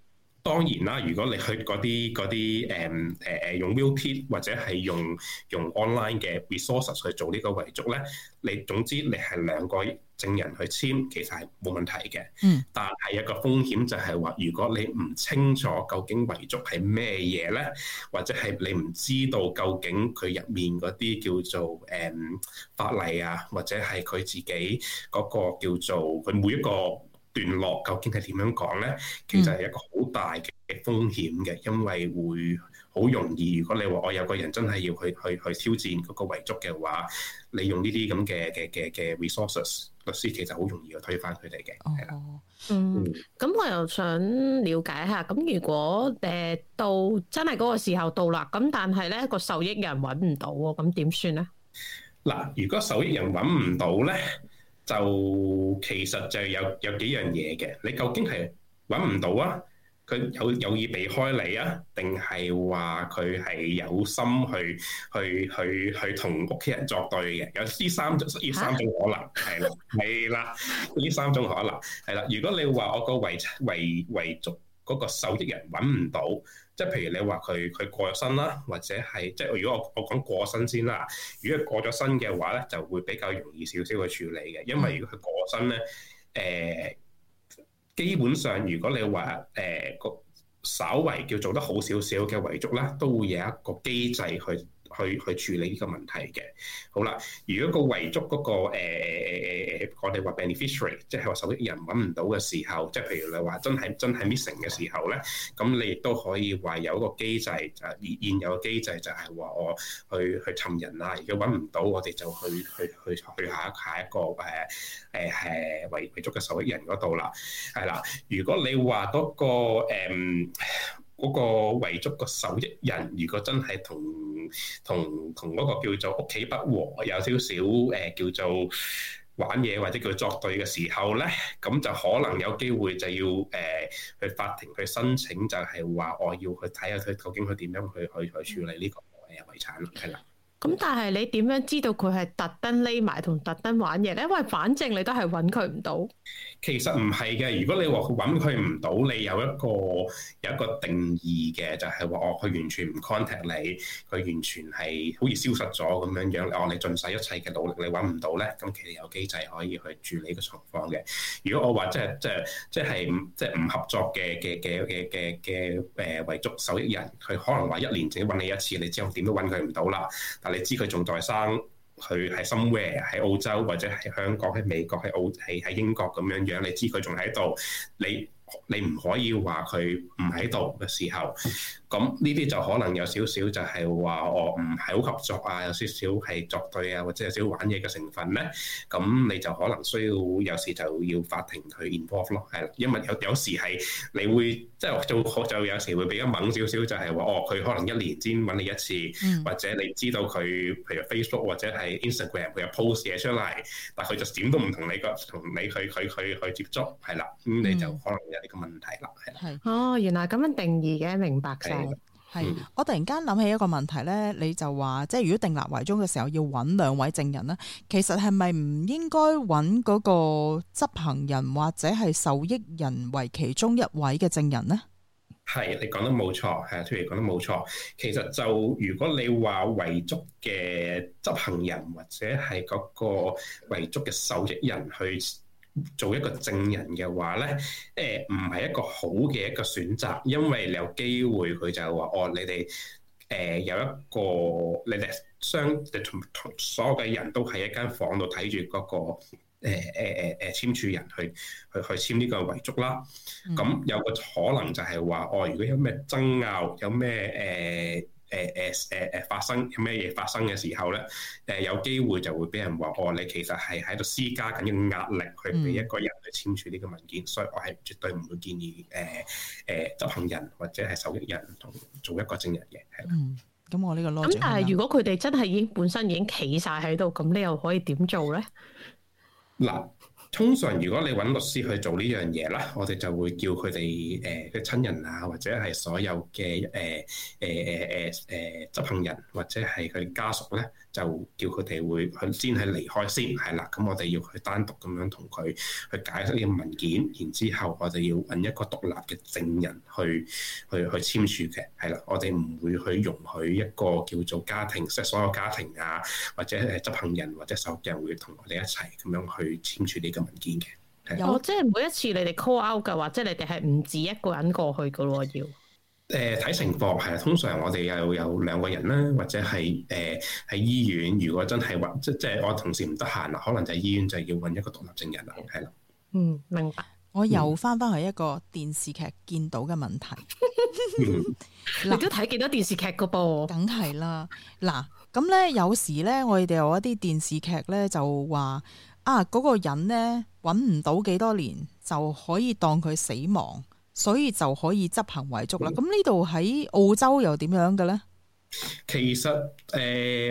Speaker 4: 當然啦，如果你去嗰啲啲誒誒誒用 Will Kit 或者係用用 online 嘅 resources 去做呢個遺囑咧，你總之你係兩個證人去簽，其實係冇問題嘅。嗯，但係一個風險就係話，如果你唔清楚究竟遺囑係咩嘢咧，或者係你唔知道究竟佢入面嗰啲叫做誒、嗯、法例啊，或者係佢自己嗰個叫做佢每一個段落究竟係點樣講咧？其實係一個好大嘅風險嘅，因為會好容易。如果你話我有個人真係要去去去挑戰嗰個遺囑嘅話，你用呢啲咁嘅嘅嘅嘅 resources，律師其實好容易去推翻佢哋嘅。哦，係
Speaker 2: 啦，嗯。咁我又想了解下，咁如果誒到真係嗰個時候到啦，咁但係咧個受益人揾唔到喎，咁點算咧？
Speaker 4: 嗱，如果受益人揾唔到咧？就其實就係有有幾樣嘢嘅，你究竟係揾唔到啊？佢有有意避開你啊？定係話佢係有心去去去去同屋企人作對嘅？有呢三種呢三種可能係咯，係啦， [laughs] 呢、啊、三種可能係啦。 [laughs] 如果你話我個遺遺遺囑嗰個受益人揾唔到。即係譬如你話佢佢過咗身啦，或者係即係如果我我講過身先啦，如果過咗身嘅話咧，就會比較容易少少去處理嘅，因為如果佢過身咧，誒、呃、基本上如果你話誒個稍為叫做得好少少嘅遺囑咧，都會有一個機制去。去去處理呢個問題嘅，好啦。如果個遺囑嗰、嗰個誒誒誒我哋話 beneficiary，即係話受益人揾唔到嘅時候，即、就、係、是、譬如你話真係真係 missing 嘅時候咧，咁你亦都可以話有一個機制，就、呃、現現有嘅機制就係話我去去去尋人啦、啊。如果揾唔到，我哋就去去去去下下一個誒誒誒遺遺囑嘅受益人嗰度啦。係啦，如果你話嗰、嗰個、呃嗰個遺囑個受益人，如果真係同同同嗰個叫做屋企不和，有少少誒叫做玩嘢或者叫作對嘅時候呢，咁就可能有機會就要誒、呃、去法庭去申請，就係話我要去睇下佢究竟佢點樣去去、嗯、去處理呢個誒遺產係啦。
Speaker 2: 咁但係你點樣知道佢係特登匿埋同特登玩嘢呢？因為反正你都係揾佢唔到。
Speaker 4: 其實唔係嘅，如果你話揾佢唔到，你有一個有一個定義嘅，就係話我佢完全唔 contact 你，佢完全係好似消失咗咁樣樣。我、哦、你盡曬一切嘅努力，你揾唔到咧，咁其實有機制可以去處理個情況嘅。如果我話即係即係即係即係唔合作嘅嘅嘅嘅嘅嘅誒遺囑受益人，佢可能話一年只揾你一次，你之後點都揾佢唔到啦。但你知佢仲在生。佢喺 somewhere 喺澳洲或者喺香港喺美國，喺澳喺喺英國咁樣樣，你知佢仲喺度，你你唔可以話佢唔喺度嘅時候。咁呢啲就可能有少少就係話我唔係好合作啊，有少少係作對啊，或者有少少玩嘢嘅成分咧。咁你就可能需要有時就要法庭去 involve 咯，係啦，因為有有時係你會即係做就有時會比較猛少少就，就係話哦，佢可能一年先揾你一次，或者你知道佢譬如 Facebook 或者係 Instagram 佢有 post 嘢出嚟，但佢就點都唔同你個同你佢佢佢佢接觸係啦，咁你、嗯嗯、就可能有呢個問題啦，
Speaker 2: 係。的哦，原來咁樣定義嘅，明
Speaker 1: 白。係，嗯、我突然間諗起一個問題咧，你就話，即係如果訂立遺囑嘅時候要揾兩位證人咧，其實係咪唔應該揾嗰個執行人或者係受益人為其中一位嘅證人呢？
Speaker 4: 係，你講得冇錯，係啊 Terry 講得冇錯。其實就如果你話遺囑嘅執行人或者係嗰個遺囑嘅受益人去做一個證人嘅話咧，誒唔係一個好嘅一個選擇，因為你有機會佢就話哦，你哋誒、呃、有一個你哋相同同所有嘅人都喺一間房度睇住嗰個誒誒誒誒簽署人去去去簽呢個遺囑啦，咁、嗯、有個可能就係話哦，如果有咩爭拗，有咩誒、呃誒誒誒誒，發生咩嘢發生嘅時候咧？誒、呃，有機會就會俾人話，哦，你其實係喺度施加緊嘅壓力去俾一個人去簽署呢個文件，嗯、所以我係絕對唔會建議，誒、呃、誒、呃、執行人或者係受益人同做一個證人嘅、係啦、嗯。嗯，
Speaker 2: 咁我呢個囉，咁但係，如果佢哋真係已經本身已經企晒喺度，咁你又可以點做咧？
Speaker 4: 嗱。通常如果你揾律師去做呢樣嘢啦，我哋就會叫佢哋誒嘅親人啊，或者係所有嘅誒誒誒誒誒執行人，或者係佢家屬咧。就叫佢哋會先係離開先，係啦。咁我哋要去單獨咁樣同佢去解釋呢個文件，然後之後我哋要揾一個獨立嘅證人去去去簽署嘅，係啦。我哋唔會去容許一個叫做家庭，即係所有家庭啊，或者執行人或者受託人會同我哋一齊咁樣去簽署呢個文件嘅。有
Speaker 2: 即係每一次你哋 call out 嘅，或者你哋係唔止一個人過去嘅喎要。
Speaker 4: 誒，睇情況係啊，通常我哋又有兩個人啦，或者係誒喺醫院。如果真係話即即係我同事唔得閒喇，可能就係醫院就係要揾一個獨立證人啦，係啦。嗯，明
Speaker 1: 白。我又翻翻去一個電視劇見到嘅問題。你都睇幾多電視劇嘅噃？梗 [laughs] 係啦。嗱，咁咧有時咧，我哋有一啲電視劇咧就話啊，嗰、嗰個人咧揾唔到幾多年就可以當佢死亡。所以就可以執行遺囑啦。咁呢度喺澳洲又點樣嘅呢？
Speaker 4: 其實誒、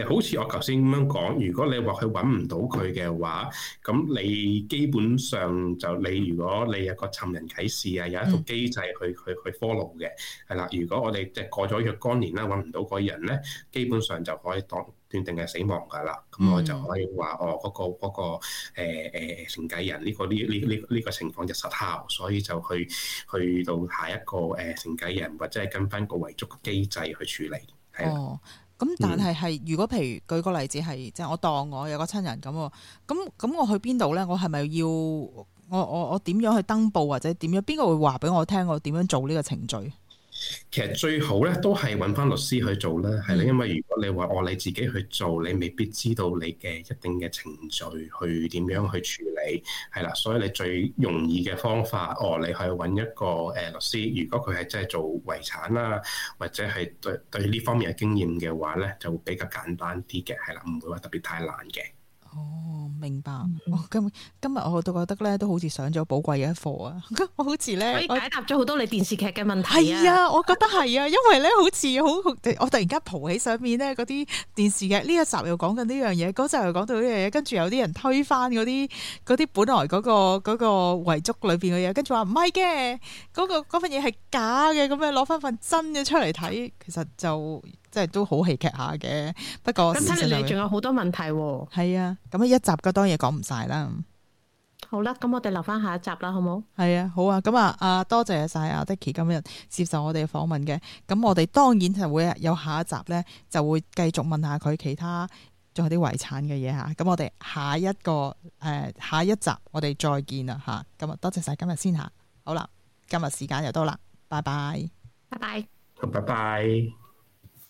Speaker 4: 呃，好似我頭先咁樣講，如果你話佢搵唔到佢嘅話，咁你基本上就，你如果你有個尋人啟事啊，有一個機制去、嗯、去去 follow 嘅係啦。如果我哋即係過咗若干年啦，搵唔到嗰人咧，基本上就可以當斷定係死亡噶啦。咁我就可以話、嗯、哦，嗰、個嗰、個誒誒，承、呃、繼人呢、個呢呢呢呢個情況就失效，所以就去去到下一個誒承繼人或者係跟翻個遺囑機制去處理。哦，
Speaker 1: 咁但係係，如果譬如舉個例子係，即係我當我有個親人咁，咁咁我去邊度咧？我係咪要我我我點樣去登報或者點樣？邊個會話俾我聽？我點樣做呢個程序？
Speaker 4: 其實最好咧都係揾翻律師去做啦，係啦，因為如果你話我、哦、你自己去做，你未必知道你嘅一定嘅程序去點樣去處理，係啦，所以你最容易嘅方法，哦，你去揾一個誒、呃、律師，如果佢係真係做遺產啦，或者係對對呢方面嘅經驗嘅話咧，就會比較簡單啲嘅，係啦，唔會話特別太難嘅。
Speaker 1: 哦，明白。我、嗯哦、今日今日我都覺得咧，都好似上咗寶貴嘅一課啊！
Speaker 2: 我 [laughs] 好似咧呢，可以解答咗好多你電視劇嘅問題啊， [laughs] 啊！我覺得係啊，因為咧好似
Speaker 1: 好我突然間蒲起上面咧，嗰啲電視劇呢一集又講緊呢樣嘢，嗰集又講到呢樣嘢，跟住有啲人推翻嗰啲嗰啲本來嗰、嗰個嗰、嗰個遺囑裏邊嘅嘢，跟住話唔係嘅，嗰、嗰個份嘢係假嘅，咁樣攞翻份真嘅出嚟睇，其實就。即係都好戲劇下嘅，不過睇嚟，你仲有
Speaker 2: 好多問題。
Speaker 1: 係啊，咁、啊、一集嗰多嘢講唔晒啦。
Speaker 2: 好啦，咁我哋留翻下一集啦，好冇？
Speaker 1: 係啊，好啊，咁啊、啊多謝晒啊 Dikki 今日接受我哋訪問嘅。咁我哋當然就會有下一集咧，就會繼續問下佢其他仲有啲遺產嘅嘢吓。咁、啊、我哋下一個誒、啊、下一集我哋再見啦吓。咁啊多謝晒今日先吓，
Speaker 3: 好啦，今日時間又多啦，拜拜，拜
Speaker 4: 拜，拜拜。